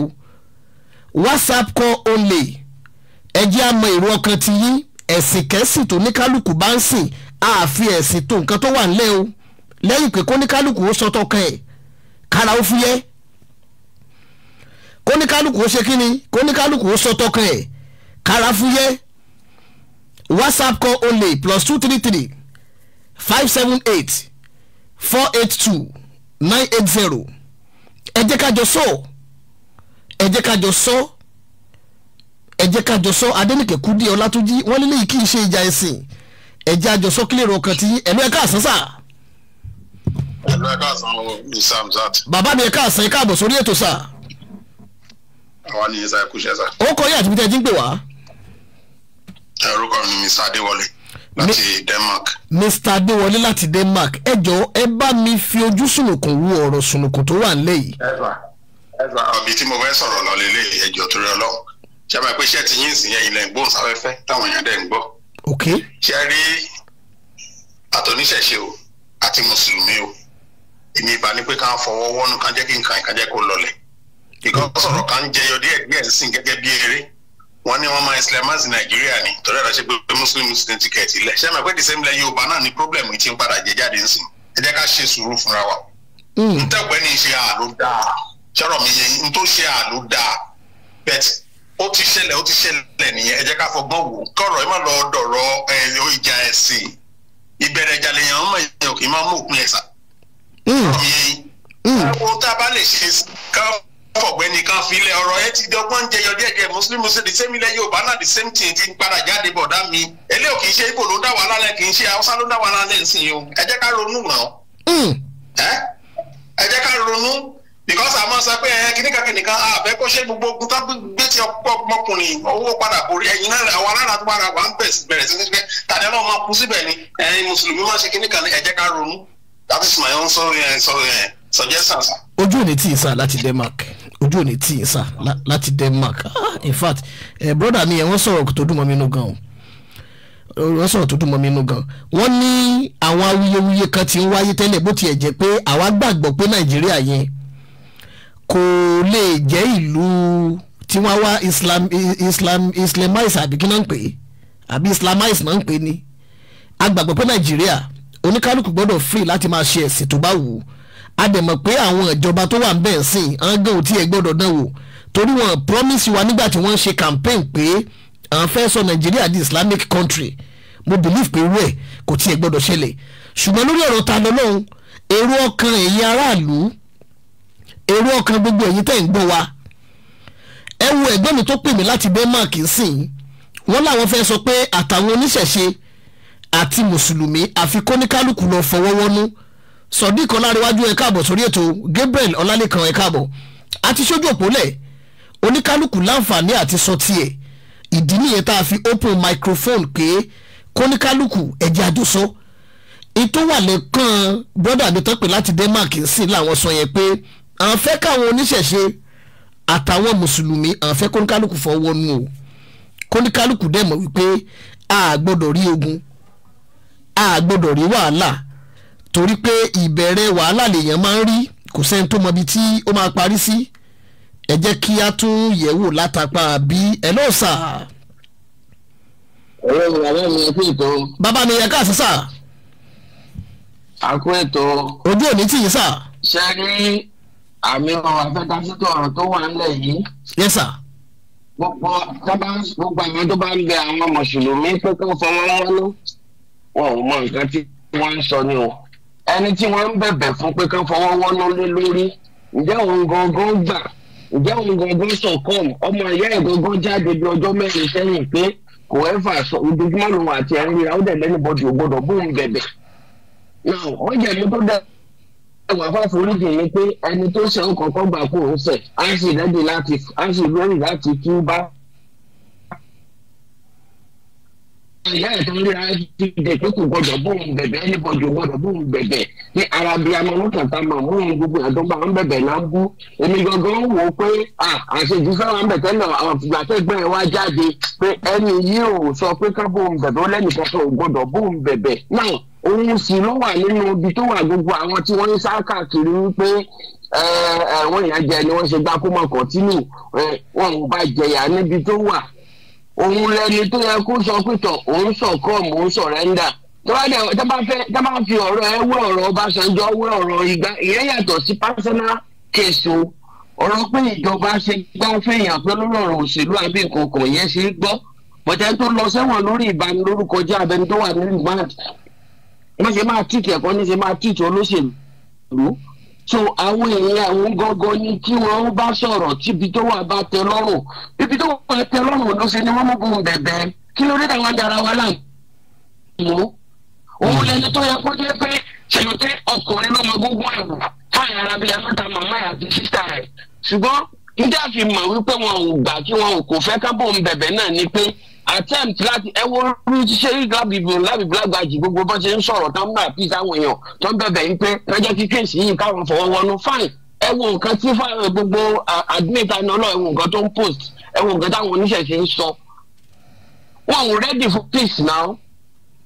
whatsapp call only ẹ jẹ́ á mọ èrò ọkàn ti yín ẹ̀sìn kẹ́sìn tó ní kálukú bá ń sìn àfi ẹ̀sìn tó nǹkan tó wà ńlẹ̀ o lẹ́yìn pé kóníkálukú ó sọtọ́ kan ẹ̀ kára ó fúyẹ́ kóníkálukú ó ṣe kí ni ó sọtọ́ kan ẹ̀ karafuye whatsapp call only plus two three three five seven eight four eight two nine eight zero ẹ jẹ́ ká jọ sọ ẹ jẹ́ ká jọ sọ ẹ jẹ́ ká jọ sọ Adénìké Kúdí Ọlátúnjí wọ́n nílé yìí kì í ṣe ìjà ẹ̀sìn ẹ jẹ́ àjọsọ kílèrò ọkàn tí ẹ̀lú ẹ̀ka àsánsà. ẹ̀lú ẹ̀ka bàbá mi ẹ̀ka àsán ẹ̀ka àbọ̀ sórí ètò sà. àwa ni ẹ̀sà ẹ̀kú ṣẹ́ sà. ó kọ́ yé àtúntẹ̀ jí ń pè wá orúkọ mi ni mr adéwọlé láti denmark. mr adéwọlé láti denmark ẹ jọ̀ọ́ ẹ bá mi fi ojú sùnùkùn wo ọ̀rọ̀ sùnùkùn tó wà nílẹ̀ yìí. ẹ sà ẹ sà ọbí tí mo fẹ́ sọ̀rọ̀ lọ lélẹ̀ ẹjọ́ torí ọlọ́run ṣé ẹ máa pé iṣẹ́ ti yín sìn yẹn ilẹ̀ ń gbóhùn sáfẹ́fẹ́ táwọn èèyàn dẹ̀ ń gbọ́. ok. ṣe rí àtòníṣẹ̀ṣe o àti mùsùlùmí o èmi ìbá ní pé ká fọwọ́ wọ́nú ká jẹ́ kí nǹkan ìkàjẹ́ kó lọlẹ̀ ìkọ́sọ̀rọ̀ wọ́n ní wọ́n máa nàìjíríà ni torí àdáṣe ṣe pé muslim student ticket ilẹ̀ ṣé náà ni problem ti ń jáde nsìn ẹ jẹ́ ṣe sùúrù fúnra wa. Hmm. ntẹ̀pẹ́ ní ṣe àló dáa ṣọ́rọ̀ mi yẹn n tó ṣe àló dáa bẹ́ẹ̀ ó ti ṣẹlẹ̀ ó ti ṣẹlẹ̀ nìyẹn ẹ jẹ́ ká fọgbọ́n wò ẹ má lọ fọ̀gbẹ́ni kan filẹ̀ ọ̀rọ̀ ẹ ti dọ́gbọ́n jẹyọ díẹ̀díẹ̀ mùsùlùmí ṣe the same ilẹ̀ yorùbá náà the same thing ti ń padà jáde bọ̀dá mi eléyò kì í ṣe ibo ló dá wàhálà lẹ kì í ṣe haúsá ló dá wàhálà lẹ sí i o ẹ jẹ́ ká ronú náà hmm. ẹ jẹ́ ká ronú because àmọ́ sọ pé ẹ kìnnìkan kìnnìkan àbẹ́ kó ṣe gbogbo ogun tó gbé ti ọmọkùnrin owó padà borí ẹ̀yin náà àwọn alára tó wàrà wà ń bẹ̀rẹ̀ sí ṣe tàbí ọlọ́run máa kú síbẹ̀ ni ẹ̀yin mùsùlùmí máa ṣe kìnnìkan ẹ jẹ́ ká ronú that is my own eh, eh, suggestion. ojú ò ní tí ì sá láti Denmark ojú ò ní tì í sà láti Denmark ah in fact eh, broda mi yẹn wọ́n sọ̀rọ̀ tó dùn mọ́ mi nú gan o wọ́n sọ̀rọ̀ tó dùn mọ́ mi nú gan wọ́n ní àwọn awuyewuye kan ti ń wáyé tẹ́lẹ̀ bó tiẹ̀ jẹ́ pé àwa gbàgbọ́ pé Nàìjíríà yẹn kò lè jẹ́ ìlú tí wọ́n wá Islam Islam Islamize àbí kí náà ń pè é àbí Islamize náà ń pè é ni a gbàgbọ́ pé Nàìjíríà oníkálukú gbọ́dọ̀ free láti máa ṣe ẹ̀sìn tó bá wù ú a dẹ̀ mọ̀ pé àwọn ìjọba tó wà níbẹ̀ sìn ọ̀gán ò tiẹ̀ gbọ́dọ̀ dán wò torí wọn promise wa nígbà tí wọ́n ṣe campaign pé àwọn fẹ́ sọ Nàìjíríà di Islamic country mo believe pé wẹ́ẹ̀ kò tiẹ̀ gbọ́dọ̀ ṣẹlẹ̀ ṣùgbọ́n lórí ọ̀rọ̀ ta lọ́lọ́run èrò ọkàn ẹ̀yin aráàlú èrò ọkàn gbogbo ẹ̀yin tẹ́ ń gbọ́ wa ẹ wo ẹ̀gbọ́n mi tó pè mí láti Denmark sìn wọ́n làwọn fẹ́ sọ pé àtàwọn oníṣẹ̀ṣe àti mùsùlùmí àfi kóníkálukú lọ fọwọ́wọ́nú sodiq ọláríwájú ẹ káàbọ̀ sórí ètò gabriel ọlálẹ́kan ẹ káàbọ̀ àti sójú òpólẹ̀ oníkálukú láǹfààní àti sọ tiẹ̀ ìdí nìyẹn tá a fi open microphone pé kóníkálukú ẹ̀jẹ̀ àjọsọ ètò wà lẹ́kàn brọ́dà mi tán pé láti denmark sí làwọn sọ yẹn pé à ń fẹ́ káwọn oníṣẹ̀ṣe àtàwọn mùsùlùmí à ń fẹ́ kóníkálukú fọwọ́ nù o kóníkálukú dẹ̀ mọ̀ wípé a gbọ́dọ̀ rí ogun a gbọ́dọ̀ rí wàhálà torí pé ìbẹ̀rẹ̀ wàhálà lèèyàn máa ń rí kò sẹ́ni tó mọbi tí ó máa parí sí ẹ jẹ́ kí a tún yẹ̀ wò látàpá bí ẹ lọ́ọ̀ sà. ọ̀rẹ́ mi àbẹ́ mi kí ètò. bàbá mi yẹ ká sí sà. a kú ètò. ojú òní tì í sà. ṣe rí àmì ọ̀rọ̀ afẹ́kásítọ̀ tó wà ńlẹ̀ yìí. yes gbogbo tábà gbogbo àwọn tó bá ń bẹ àwọn mùsùlùmí pé kó fọwọ́ wọn lọ wọn ò mọ nǹkan tí wọ́n ń sọ ni o ẹni tí wọ́n ń bẹ̀bẹ̀ fún pé kán fọwọ́ wọ́nú lé lórí ǹjẹ́ òun gangan gbà ǹjẹ́ òun gangan sọ̀kọ́m ọmọ ìyá ẹ̀ gangan jáde bí ọjọ́ mẹ́rin sẹ́yìn pé kò ẹ́fà sọ ojoojúmọ́ lòun àti ẹ̀rín rírà ó dẹ̀ lẹ́nu bọ́dì ò gbọ́dọ̀ bóun bẹ̀bẹ̀ náà wọ́n jẹ̀ mí tó dẹ̀ ẹwà fáforíjì ni pé ẹni tó ṣe ń kọ̀ọ̀kan gbà kó ń fẹ̀ á sì lẹ́bi láti á sì lórí láti tú bá na ìtàn rí àìsíde pé kò gbọdọ̀ bóun bẹ̀bẹ̀ ẹnìbọ̀dì ò gbọdọ̀ bóun bẹ̀bẹ̀ ní ara bíi àmọ́ mọ́tàtà máa mú gbogbo àtọ́ bá ń náà bú èmi wò bẹ̀tẹ̀ náà ẹ wá jáde pé ẹni yìí ò sọ pé nínú ibi tó wà gbogbo àwọn tí wọ́n ń sá káàkiri wípé wọ́n ṣe gbá kó òun lẹni tó yẹ kó sọ pé tọ òun sọ kọ mò ń sọrẹ́ndà tó bá fẹ́ tó bá fi ọ̀rọ̀ ẹ wé ọ̀rọ̀ Ọbásanjọ́ wé ọ̀rọ̀ Ìgbà ìyẹn yàtọ̀ sí personal case o ọ̀rọ̀ pé ìjọba ṣe gbá fẹ̀yìn àpẹ́ lórí ọ̀rọ̀ òṣèlú àbí nǹkan kan yẹn ṣe é gbọ́ bọ̀tẹ́ tó lọ sẹ́wọ̀n lórí ìbanilórúkọjá abẹni tó nínú ìbáàdì wọ́n ṣe máa tíìtì ẹ̀kọ́ ní ṣe máa tíìtì olóṣèlú so àwọn èèyàn àwọn gangan ni tí wọ́n bá sọ̀rọ̀ tíbi tó wà bá tẹ lọ́rùn ibi tó wà tẹ lọ́rùn ló ṣe ni wọ́n mú gun bẹ̀bẹ̀ kí ló dé táwọn dára wa láì mú òun lẹni tó yẹ kó jẹ́ pé ṣèlúté ọkùnrin ló mọ gbogbo ẹ̀wù fáyà ara bíi amẹ́ta màmá ẹ̀ àti sísá rẹ̀ ṣùgbọ́n nígbà fi mọ̀ wípé wọn ò gbà kí wọn ò kò fẹ́ kábò ń bẹ̀bẹ̀ náà ni pé attempt láti ẹ wo ṣe lábìbò lábìbìlágbàjì gbogbo bọ́n ṣe ń sọ̀rọ̀ tán mú àpíìsì àwọn èèyàn tó ń bẹ̀bẹ̀ ń pé lọ́jọ́ kí kéèsì yìí káwọn fọwọ́ wọnú fine ẹ wo nǹkan tí gbogbo àdínìta iná náà ẹ wo nǹkan tó ń post ẹ wo nǹkan táwọn oníṣẹ̀ṣe ń sọ. wọn ò ready for peace now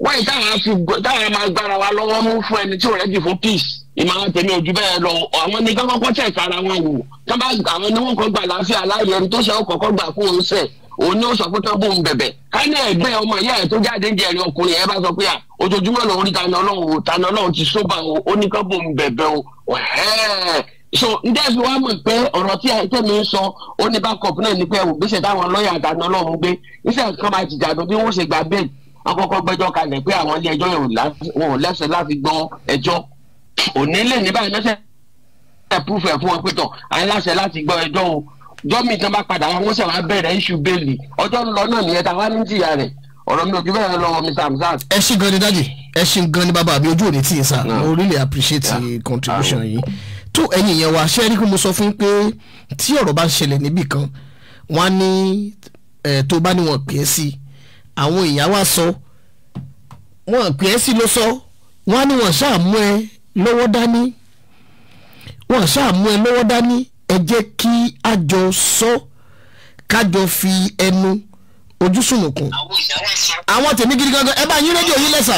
wáyé táwọn máa gbára wa lọ́wọ́ mú fún ẹni tí ò ready for peace ìmọ̀ràn tèmi ojú bẹ́ẹ̀ lọ àwọn ní kọ́kọ́ check ara wọn wò àwọn ní wọn kọ́ gbà láfíà láì ẹni tó ṣe ọkọ̀ kọ́ gbà fún òun sẹ́ẹ̀ òun ni ó sọ pé tán bóun bẹ̀bẹ̀ káyọ̀ ẹgbẹ́ ọmọ ìyá ẹ̀ tó jáde ń jẹrin ọkùnrin ẹ̀ bá sọ pé ojoojúmọ́ lòun rí tani ọlọ́run o tani ọlọ́run ti sóbà o ó ní kán bóun bẹ̀bẹ̀ o so ndẹ́sí wa mọ̀ pé ọ̀rọ̀ tí àìtẹ́ mi ń sọ ó ní backup náà ní pé ẹ̀wò gbèsè táwọn lọ́ọ̀yà tani ọlọ́run gbé iṣẹ́ kan máa jìjà lọ bí wọ́n ṣe gbà bẹ́ẹ̀ àkọ́kọ́ gbẹ́jọ́ kalẹ̀ pé àwọn ilé ẹjọ́ wọn ò lẹ́sẹ̀ láti gbọ́ ẹjọ́ òní lè ní báyìí lọ́sẹ̀ ẹ̀ púfẹ̀ fún jọ́mì tán bá padà wá wọ́n ṣe wá bẹ̀rẹ̀ iṣu bẹ́ẹ̀lì ọjọ́ ń lọ náà nìyẹn tá a wá ní jìyà rẹ̀ ọ̀rọ̀ mi ò ju bẹ́ẹ̀ lọ Mr. Hamzat. ẹ ṣí gan ni dájì ẹ ṣí gan ni bàbá mi ojú òní tí ì sá mo really appreciate yeah. contribution yìí tó ẹ̀yin yẹn wá ṣe é rí pé mo sọ fún pé tí ọ̀rọ̀ bá ń ṣẹlẹ̀ níbì kan wọ́n á ní tó bá ní wọn pè é sí àwọn èèyàn wá sọ wọn pè é sí ló sọ wọ́n á ní wọn ṣáà mú ẹ lọ́wọ́ dání wọn ṣáà mú ẹ lọ́wọ́ dání ẹ jẹ́ kí a jọ sọ kájọ fi ẹnu ojú sùnùkùn àwọn tèmi gidi gangan ẹ bá yín rédíò yín lẹ́sà.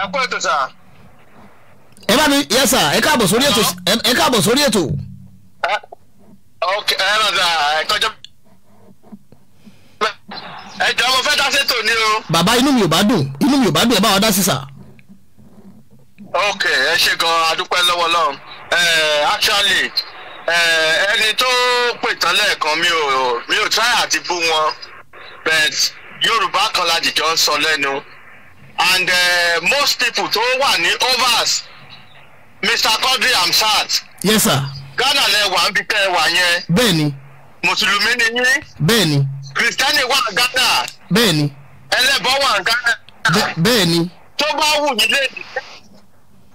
ẹ kú ètò sà. ẹ bá mi yẹ sà ẹ káàbọ̀ sórí ètò ẹ káàbọ̀ sórí ètò. ẹ ẹ rọ̀dà ẹ kọjá ẹ jọ mo fẹ́ dá sétò ni o. bàbá inú mi ò bá dùn inú mi ò bá dùn ẹ bá wa dá sí sà. ok ẹ ṣe gan adúpẹ́ lọ́wọ́ lọ́hùn. Eh, actually eh, ẹni tó pè tán lẹ́ẹ̀kan mi ò mi ò try àti bú wọn but yorùbá kan la jìjọ ń sọ lẹ́nu and uh, most people tó wà ní overs mr quadri amsat. yes sir. ghana lẹ wà níbi tẹ ẹ wà yẹn. bẹẹni. mùsùlùmí ni yín. bẹẹni. kristiani wà ghana. bẹẹni. ẹlẹ́bọ wà ghana. bẹẹni. tó bá wù yín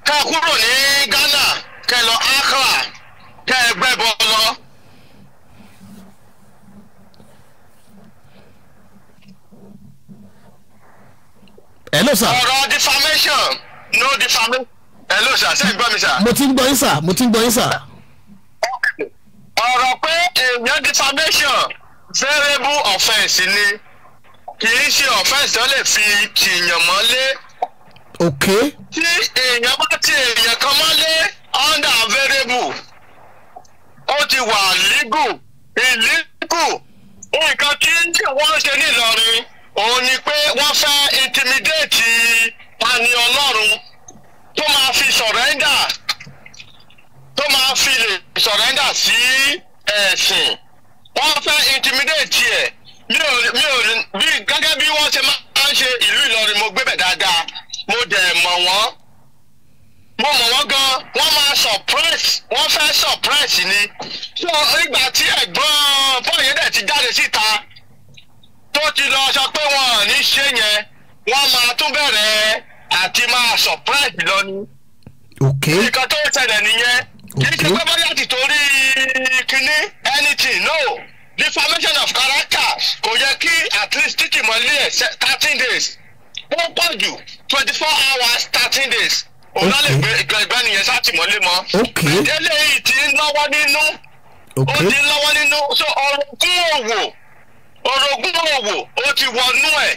kúrò ní ghana. kẹ́ lọ Accra kẹ́ ẹ gbẹ́ hello sir. ọ̀rọ̀ defamation no defamation. hello sir ṣé ń gbọ́ mi sir. mo ti ń gbọ́ yín sir mo ti ń gbọ́ yín sir. ọ̀rọ̀ pé èèyàn defamation variable offence ni kì í ṣe offence tó lè fi tìyàn mọ́lé. ok. tí èèyàn bá ti èèyàn kan mọ́lé under available o ti wà legal illegal nǹkan tí wọ́n ṣe nílọrin òun ni pé wọ́n fẹ́ intimidate tani ọlọ́run tó máa fi surrender tó máa fi lè surrender sí ẹ̀sìn wọ́n fẹ́ intimidate ẹ̀ mi ò mi ò bí gẹ́gẹ́ bí wọ́n ṣe máa ń ṣe ìlú Ìlọrin mo gbébẹ̀ dáadáa mo dẹ̀ mọ̀ wọ́n. mo mọ̀ wọ́n gan wọ́n máa surprise wọ́n fẹ́ surprise ni so ìgbà tí ẹ̀gbọ́n bọ́ọ̀yì dẹ̀ ti jáde síta tó ti lọ sọ pé wọn ò ní ṣe yẹn wọ́n máa tún bẹ̀rẹ̀ àti máa surprise lọ ni. ok nǹkan tó ṣẹlẹ̀ nìyẹn kì í ṣe pé bóyá ti torí kínní anything no deformation of character kò yẹ kí at least títì mọ́lẹ́ thirteen days ó pọ̀ jù twenty four hours thirteen days. òun náà lè nìyẹn sátìmọ́lé mọ́ ti ń lọ́wọ́ nínú ó ti ń lọ́wọ́ nínú so orogún òwò orogún òwò ó ti wọnú ẹ̀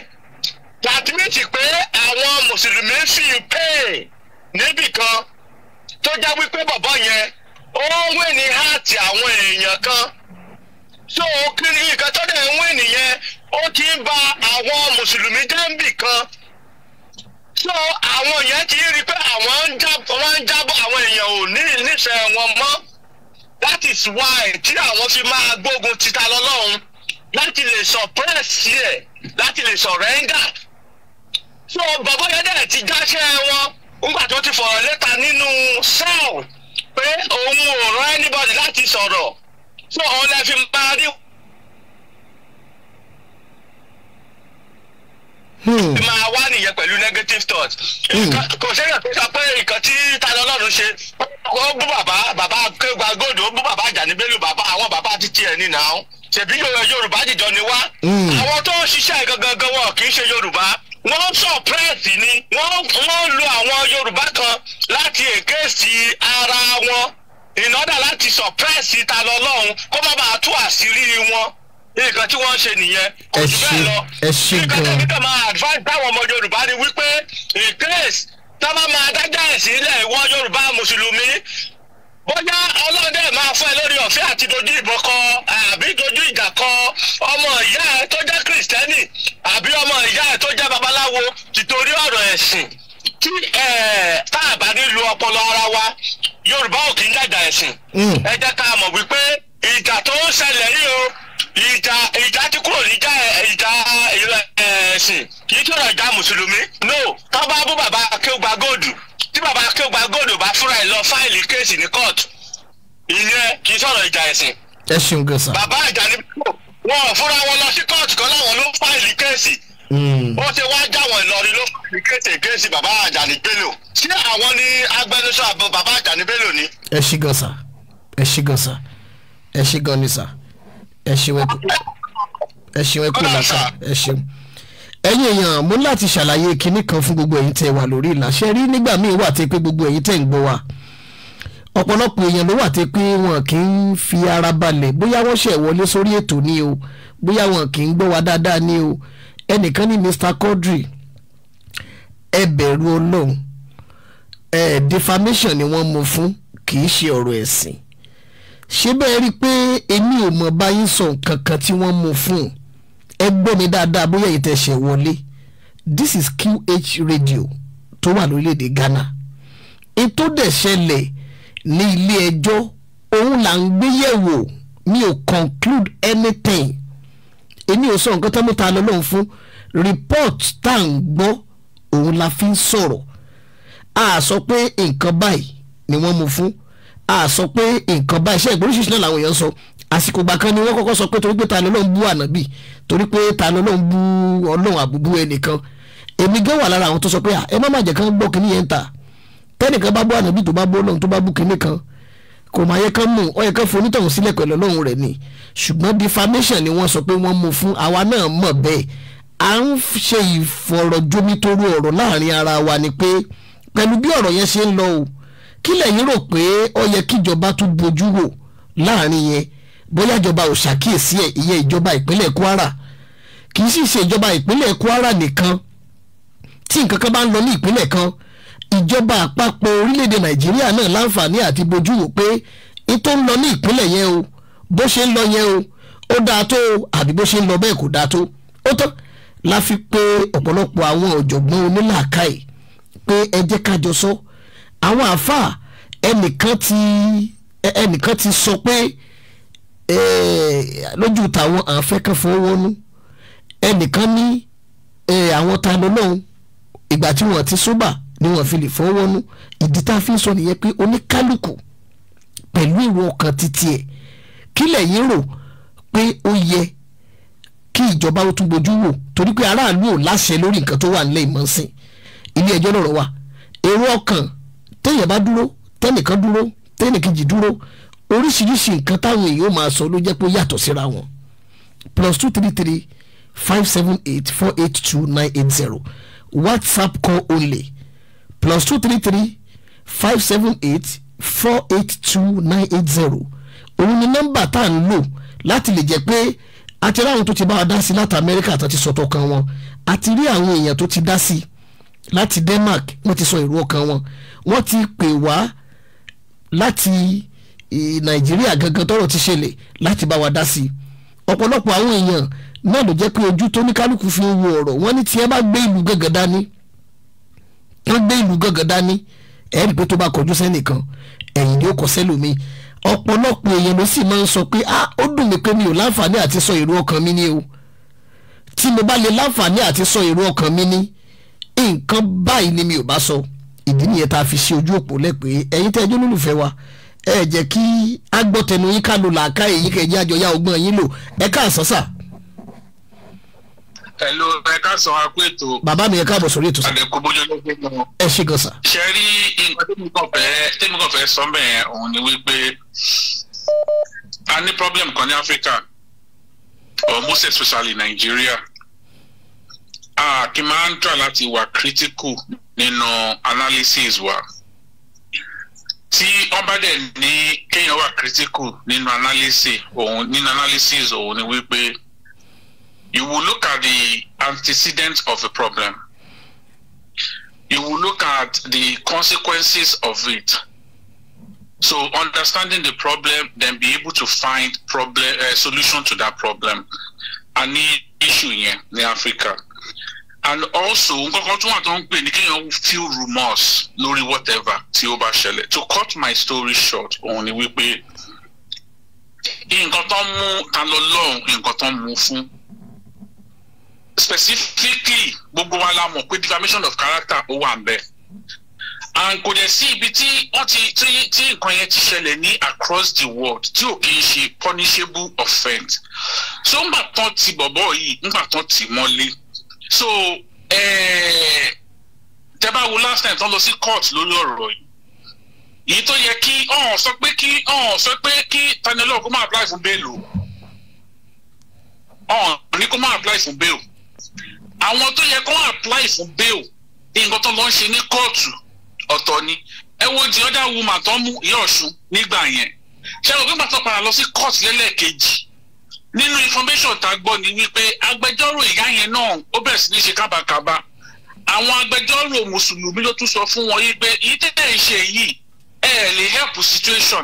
tàbí pé àwọn mùsùlùmí fi pay níbìkan tó já wípé bọ̀bọ̀ yẹn ó ń wé ní háàtì àwọn èèyàn kan so kí ni nǹkan ń wé nìyẹn ó ti ń ba àwọn mùsùlùmí kan. so àwọn èèyàn ti rí i pé àwọn ń jábọ̀ àwọn èèyàn ò ní nífẹ̀ẹ́ wọn mọ́ that is why tí àwọn fi máa gbógun títa lọ́lọ́run láti lè suppress ẹ̀ láti lè surrender so bàbá yẹn dẹ̀ ti jáṣẹ́ wọn nígbà tó ti fọ̀rọ̀ lẹ́ta nínú cell pé òun ò rán anybody láti sọ̀rọ̀ so òun lè fi máa rí bí hmm. máa wá nìyẹn pẹ̀lú negative thoughts hmm. kò sẹ́yìn tó sọ pé nǹkan tí tani ọlọ́run ṣe ó bú bàbá bàbá kéwà gòdò ó bú bàbá Àjàní Bello bàbá àwọn bàbá títí ẹ̀ nínà ó ṣèbí Yorùbá jìjọ ni wá hmm. àwọn tó ń ṣiṣẹ́ gangan wọn kì í ṣe Yorùbá wọ́n sọ̀pẹ́ẹ̀sì ni wọ́n lo àwọn Yorùbá kan láti èkésì ara wọn ìnádà láti sọ̀pẹ́ẹ̀sì tani ọlọ́run kó má bàa tú àṣírí wọn nǹkan tí wọ́n ń ṣe nìyẹn kò jù bẹ́ẹ̀ lọ nǹkan tẹ̀mí kan máa advise táwọn ọmọ yorùbá ni wípé in case táwọn máa dájà ẹ̀sìn ilẹ̀ ìwọ yorùbá mùsùlùmí bóyá ọlọ́dẹ máa fún ẹ lórí ọ̀fẹ́ àti dojú ìbọn kọ àbí dojú ìjà kọ ọmọ ìyá ẹ tó jẹ́ kìrìsìtẹ́nì àbí ọmọ ìyá ẹ tó jẹ́ babaláwo tìtorí ọ̀rọ̀ ẹ̀sìn tí tá a bá nílò ọpọlọ ara wa yorùbá ò kì í ẹ̀sìn mm. ẹ jẹ́ ká mọ̀ wípé. mùsùlùmí no tó bá bú bàbá akéwùgbà góòdù tí bàbá akéwùgbà góòdù bá fúnra ẹ̀ lọ fáìlì kéèsì ní kóòtù ìyẹn kì í sọ̀rọ̀ ìjà ẹ̀sìn. ẹ ṣeun gan san. bàbá Àjàní wọn fúnra wọn lọ sí kóòtù kan láwọn ló fáìlì kéèsì hmm. ó ṣe wá jáwọn Ìlọrin ló fáìlì kéèsì kéèsì bàbá Àjàní Bello ṣé àwọn ni agbẹnusọ àbọ bàbá Àjàní Bello ni. ẹ ṣe gan san ẹ ṣe gan san ẹ ṣe gan ni san ẹ ṣe wẹ́pẹ́ ẹ ṣe wẹ́pẹ́ làkà ẹ ṣeun ẹ̀yin èèyàn mo láti ṣàlàyé kinní kan fún gbogbo ẹ̀yin tẹ́ wà lórí ìlàṣẹ rí nígbà míì wà tẹ́ pé gbogbo ẹ̀yin tẹ́ ń gbọ́ wa ọ̀pọ̀lọpọ̀ èèyàn ló wà tẹ́ pé wọn kì í fi ara balẹ̀ bóyá wọ́n ṣẹ̀ wọlé sórí ètò ni o bóyá wọn kì í gbọ́ wa dáadáa ni o ẹnìkan ní Mr. Quadri ẹ bẹ̀rù defamation ni wọ́n mú fún kì í ṣe ọ̀rọ̀ ẹ̀sìn ṣé bẹ́ẹ̀ rí i pé èmi ò mọ̀ báyìí sọ nǹkan kan tí wọ́n mú fún un ẹ gbọ́ mi dáadáa bóyá èyí tẹ́ ṣe wọlé this is QH radio tó wà lórílẹ̀‐èdè Ghana ètò dẹ̀ ṣẹlẹ̀ ní ilé ẹjọ́ òun là ń gbé mi ò conclude anything èmi ò sọ nǹkan tó mú ta lọ lóhùn fún report tá à ń gbọ́ òun la fi ń sọ̀rọ̀ a sọ pé nǹkan báyìí ni wọ́n mú fún a sọ pé nǹkan báyìí ṣe ìgbóríṣiríṣi náà làwọn èèyàn sọ àsìkò gbà kan ni wọ́n kọ́kọ́ sọ pé torí pé ta ló ń bú ànábì torí pé ta ni ọlọ́run bú ọlọ́run àbúbú ẹnìkan èmi gan wà lára àwọn tó sọ pé ẹ má má jẹ́ kán gbọ́ kínní yẹn ta tẹ́nìkan bá bọ́ ànábì tó bá bọ́ ọlọ́run tó bá bú kínní kan kò máa yẹ kán mú ọ kán foni tọ̀hún sílẹ̀ pẹ̀lú ọlọ́run rẹ̀ ni ṣùgbọ́n defamation ni wọ́n sọ pé wọ́n mú fún àwa náà mọ̀ bẹ́ẹ̀ à ń ṣe ìfọ̀rọ̀jomitoro ọ̀rọ̀ láàrin ara wa ni pé pẹ̀lú bí ọ̀rọ̀ yẹn ṣe ń lọ o kí lẹ̀yin rò pé ó yẹ kíjọba tún bojú wò láàrin yẹn bóyá ìjọba ò ṣàkíyèsí ẹ̀ ìyẹn ìjọba ìpínlẹ̀ Kwara kì í sì ṣèjọba ìpínlẹ̀ Kwara nìkan tí nǹkan kan bá ń lọ ní ìpínlẹ̀ kan ìjọba àpapọ̀ orílẹ̀-èdè Nàìjíríà náà láǹfààní àti bojú wò pé n tó ń lọ ní ìpínlẹ̀ yẹn o bó ṣe ń lọ yẹn o ó dáa tó o àbí bó ṣe ń lọ bẹ́ẹ̀ kò dáa tó ó tán la fi pé ọ̀pọ̀lọpọ̀ àwọn ọ̀jọ̀gbọ́n onílàákàyè pé ẹ jẹ́ ká jọ sọ àwọn àáfàá ẹnìkan ti ẹnìkan ti sọ pé eh, lójú tàwọn àfẹ́kànfọ́ wọnú ẹnìkan ní àwọn ta lọ́lọ́hún ìgbà tí wọ́n ti sóbà ni wọ́n fi lè fọwọ́nú ìdí tá a fi sọ nìyẹn pé oníkálukú pẹ̀lú ìwọ ọkàn títí ẹ̀ kílẹ̀ yín rò pé ó yẹ kí ìjọba ó tún bójú wò torí pé aráàlú ò láṣẹ lórí nǹkan tó wà nílẹ̀ ìmọ̀ọ́sìn ilé ẹjọ́ lọ́rọ̀ wa èrò ọkàn téèyàn bá dúró tẹ́nìkan dúró tẹ́nìkejì dúró oríṣiríṣi nǹkan táwọn èèyàn máa sọ ló jẹ́ pé ó yàtọ̀ síra wọn plus two three three five seven eight four eight two nine eight zero whatsapp call only plus two three three five seven eight four eight two nine eight zero òun ni nọ́mbà tá à ń lò láti lè jẹ́ pé a ti rí àwọn tó ti bá wa dá sí láti amẹ́ríkà àti sọ̀tọ̀ kan wọn a rí àwọn èèyàn tó ti dá sí láti denmark wọ́n ti sọ èrò ọkàn wọn wọ́n ti pè wá láti eh, nàìjíríà gangan tọ́rọ̀ ti ṣẹlẹ̀ láti bá wa dá sí ọ̀pọ̀lọpọ̀ àwọn èèyàn náà ló jẹ́ pé ojú tó ní kálukú fi wo ọ̀rọ̀ wọ́n ní tí ẹ bá gbé ìlú gángan dání tó gbé ìlú gángan dání ẹ̀ pé tó bá kọjú sẹ́nìkan ẹ̀yìn ni ó kọ sẹ́lòmíì ọ̀pọ̀lọpọ̀ èèyàn ló sì máa ń sọ pé ah ó dùn mí pé mi ò láǹfààní àti sọ èrò ọkàn mi ni o tí mo bá lè láǹfààní àti sọ èrò ọkàn mi ni nǹkan báyìí ni mi ò bá sọ ìdí nìyẹn tá a fi ṣe ojú òpó lẹ́pẹ́ ẹ̀yin tẹ́jú olólùfẹ́ wa ẹ jẹ́ kí agbọ́tẹnu yín ká làákà èyí kẹjẹ àjọyá ọgbọ́n yín lò ẹ káàsán sáà ẹ̀lò ẹ̀ka sọ akú ètò. bàbá mi ẹ̀ka àbọ̀sọ̀rọ̀ ètò sọ. àdẹ̀kù bójú ló gbé náà. ẹ ṣe gan sa. ṣe rí nǹkan tẹ́mi kan fẹ́ tẹ́mi kan fẹ́ sọ bẹ́ẹ̀ òun ni wípé a ní problem kan ní áfíríkà or most especially nàìjíríà a kì máa ń tà láti wà critical nínú analysis wa tí wọ́n bá dẹ̀ ní kéèyàn wà critical nínú analysis òun nínú analysis òun ni wípé you will look at the antecedents of the problem. You will look at the consequences of it. So understanding the problem, then be able to find problem uh, solution to that problem. And issue here in Africa. And also, nǹkan tó wà tó ń feel remorse lórí whatever To cut my story short, òun ni wípé nǹkan tó ń mú in lọ lọ́hùn nǹkan specifically gbogbo wa la mọ̀ pé defamation of character ó wà ń and kò dẹ̀ sí ibi tí wọ́n ti tí tí nǹkan yẹn ti ṣẹlẹ̀ ní across the world tí ò kì í ṣe punishable offence so ńgbà tán ti bọ̀bọ̀ yìí ńgbà tán ti mọ́lé so eh, tẹ́ bá wo last time tán lọ sí court lórí ọ̀rọ̀ yìí èyí tó yẹ kí ọ̀hún sọ pé kí ọ̀hún sọ pé kí Tani Olohun máa apply fún bail o ọ̀hún ní kó máa apply fún bail àwọn tó yẹ kó apply fún bail nǹkan tó lọ ń ṣe ní kóòtù ọ̀tọ̀ ni ẹ wo di ọ̀dà woman tó ń mú ìyá ọ̀ṣun nígbà yẹn ṣé o gbígbà tó padà lọ sí court lẹ́lẹ́kejì nínú information tá a gbọ́ ni wípé agbẹjọ́rò ìyá yẹn náà ó bẹ̀rẹ̀ sí ní ṣe kábàkábà àwọn agbẹjọ́rò mùsùlùmí ló tún sọ fún wọn yìí pé yìí tẹ́tẹ́ ìṣe yìí ẹ lè help situation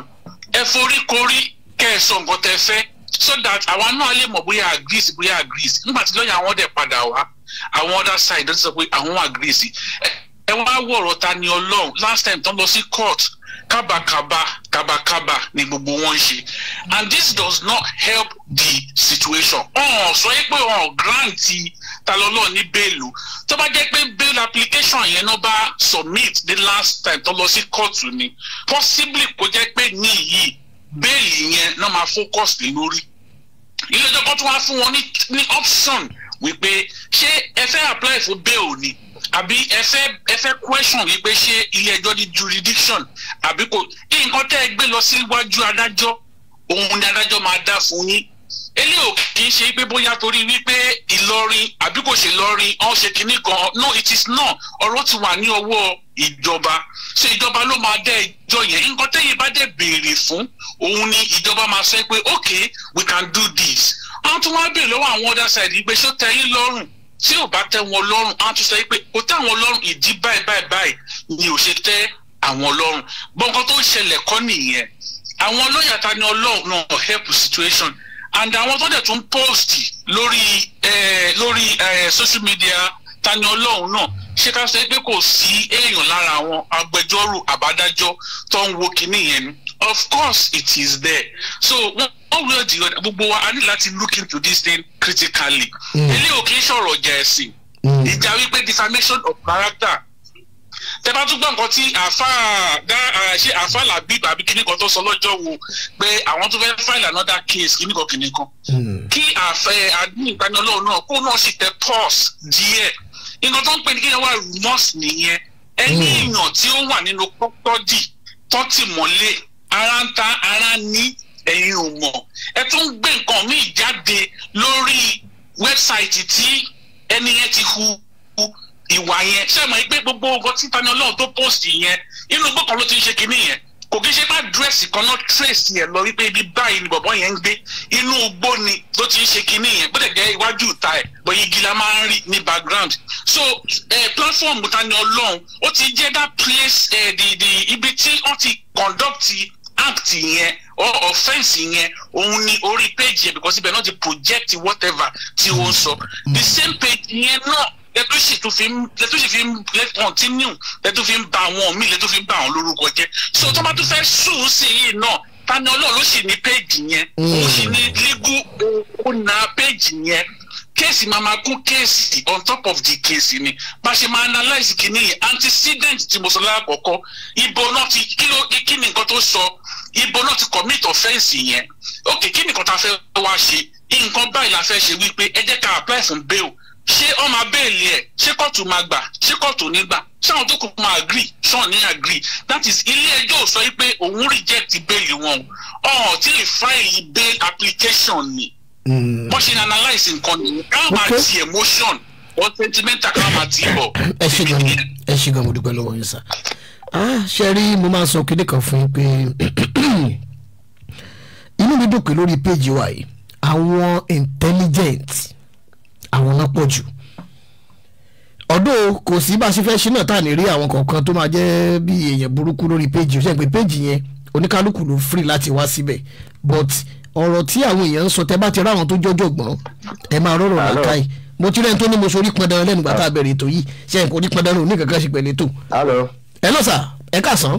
ẹ forí korí kẹ́ ẹ sọ nǹkan tẹ́ fẹ́ so that àwa náà lè mọ̀ bóyá agrees bóyá agrees nígbà tí lọ́yà àwọn dẹ̀ padà wá àwọn other side ló ti sọ pé àwọn agrees ẹ wá wọ̀rọ̀ ta ni ọlọ́run last time tán lọ sí court kábàkábà kábàkábà ni gbogbo wọn ṣe and this does not help the situation ọ̀hún sọ pé ọ̀hún grant ta lọ́lọ́ ní bẹ́ẹ̀lù tó bá jẹ́ pé bail application yẹn náà bá submit the last time tán lọ sí court ni possibly kò jẹ́ pé ní yìí bẹ́ẹ̀lì yẹn náà máa focus lé lórí ilé ẹjọ́ kan tún wá fún wọn ní option wípé ṣé ẹ fẹ́ apply for bail ni àbí ẹ fẹ́ ẹ fẹ́ question wípé ṣé ilé ẹjọ́ ní jurisdiction àbí kò nǹkan tẹ́ ẹ gbé lọ síwájú adájọ́ òun ni adájọ́ máa dá fún yín eléyìí ò kì í ṣe pé bóyá torí wípé Ìlọrin àbí kò ṣe Ìlọrin ọ̀n ṣe kinní kan no it is not ọ̀rọ̀ ti wà ní ọwọ́ ìjọba ṣé ìjọba ló máa dá ẹjọ́ yẹn nǹkan tẹ́yìn bá dẹ̀ béèrè fún òun ni ìjọba máa sọ pé okay we can do this àwọn tó wá béèrè lọ́wọ́ àwọn other side pé ṣó tẹ́ yín lọ́rùn tí ò bá tẹ́ wọn lọ́rùn àwọn tó sọ pé kò tẹ́ àwọn lọ́rùn ìdí báyìí báyìí báyìí ni ò ṣe tẹ́ àwọn lọ́rùn gbọ̀ngàn tó ń ṣẹlẹ̀ kọ́ nìyẹn àwọn lọ́yà ta ni ọlọ́run náà help situation and àwọn tó dẹ̀ tún post lórí eh, lórí eh, social media Tani Olohun náà ṣé ká ṣe pé kò sí èèyàn lára àwọn agbẹjọ́rò àbádájọ́ tó ń wo kinní yẹn ni of course it is there so one way or the other gbogbo wa a ní láti look into this thing critically hmm. eléyìí ò kì í ṣọ̀rọ̀ jẹ̀ ẹ̀sìn hmm. ìjà wípé defamation of character tẹ bá tún gbọ́ nǹkan tí àfa ṣe àfa làbí tàbí kíní kan tó sọ lọ́jọ́ wo pé àwọn tó fẹ́ file another case kíní kan kíní hmm. kan kí àfẹ admin ìpanilọ́wọ́ náà kó náà sì tẹ pause díẹ̀ nǹkan tó ń pè ní kéèyàn wá remorse nìyẹn ẹni hmm. èèyàn tí ó wà nínú custody tó tì mọ́lé ara ń ta ara ní ẹ̀yin ò mọ̀ ẹ tún gbé nǹkan míì jáde lórí wẹ́bsáìtì tí ẹni yẹn ti hu ìwà yẹn ṣé mọ̀ pé gbogbo nǹkan tí Tani Olohun tó post yẹn inú gbọ́kàn ló ti ń ṣe kinní yẹn kò kí ṣe má dírẹ́sì kan náà tírèsì ẹ̀ lọ wípé ibi báyìí ni bọ̀bọ̀ yẹn ń gbé inú igbó ni ló ti ń ṣe kinní yẹn bó dẹ̀ iwájú ìta ẹ̀ bọ̀ igi la máa ń rí ní background so eh, platform Tani Olohun ó ti jẹ́ that place eh, the, the, ibi tí wọ́n ti conduct act yẹn or offence yẹn òun ni orí page yẹn because ibẹ̀ náà ti project whatever tí ó sọ the same page yẹn náà lẹ́tọ́ sì tún fi ń lẹ́tọ́ sì fi ń continue lẹ́tọ́ fi ń ba àwọn míì lẹ́tọ́ fi ń ba àwọn lórúkọ jẹ́ so tó bá tún fẹ́ sùn sí yìí náà tani ọlọ́run ló sì ní péèjì yẹn hmm. ó sì ní lígú ó na péèjì yẹn kéèsì máa ma kún kéèsì on top of the case ni bá ṣe máa analyse kìíní yìí antecedent tí mo sọ lákọ̀ọ́kọ́ ibo náà ti kí ló kí ni nǹkan tó sọ ibo náà ti commit offence yẹn ok kí ni nǹkan tá a fẹ́ wá ṣe nǹkan báyìí la fẹ́ ṣe wípé ẹ jẹ́ ká apply fún bail ṣé ọ máa bẹ́ẹ̀lì ẹ̀ ṣé kóòtù máa gbà ṣé kóòtù ní gbà ṣé àwọn tó máa agree ṣé ní agree that is ilé ẹjọ́ ò sọ pé òun reject bẹ́ẹ̀lì wọn o ọ̀ tí lè file bail application ni wọ́n hmm. ṣe analyse nǹkan ni ká máa ti emotion wọ́n sentimental ká máa ti bọ̀. ẹ ṣe gan mo ẹ ṣe gan mo dúpẹ́ lọ́wọ́ yín sá ah, ṣe rí mo máa sọ kíndé kan fún pé inú mi dùn pé lórí péjì wa yìí àwọn intelligent àwọn náà pọ̀ jù ọdún kò sí bá a ṣe fẹ́ ṣe náà tá à ní rí àwọn kọ̀ọ̀kan tó máa jẹ́ bí èèyàn burúkú lórí péjì ó ṣe pé péjì yẹn oníkálukú ló free láti wá síbẹ̀ but ọ̀rọ̀ tí àwọn èèyàn ń sọ tẹ́ bá ti ráwọn tó jọ́jọ́ gbọ́n ẹ máa rọrùn làkàì mo ti rẹ́ni tó ní mo sorí pọn dandan lẹ́nu gbàtà àbẹ̀rẹ̀ ah. ètò yìí ṣe ìpò ní pọn dandan òní kankan ṣe pẹ̀lú ètò. ẹ lọ sà ẹ kà sàn.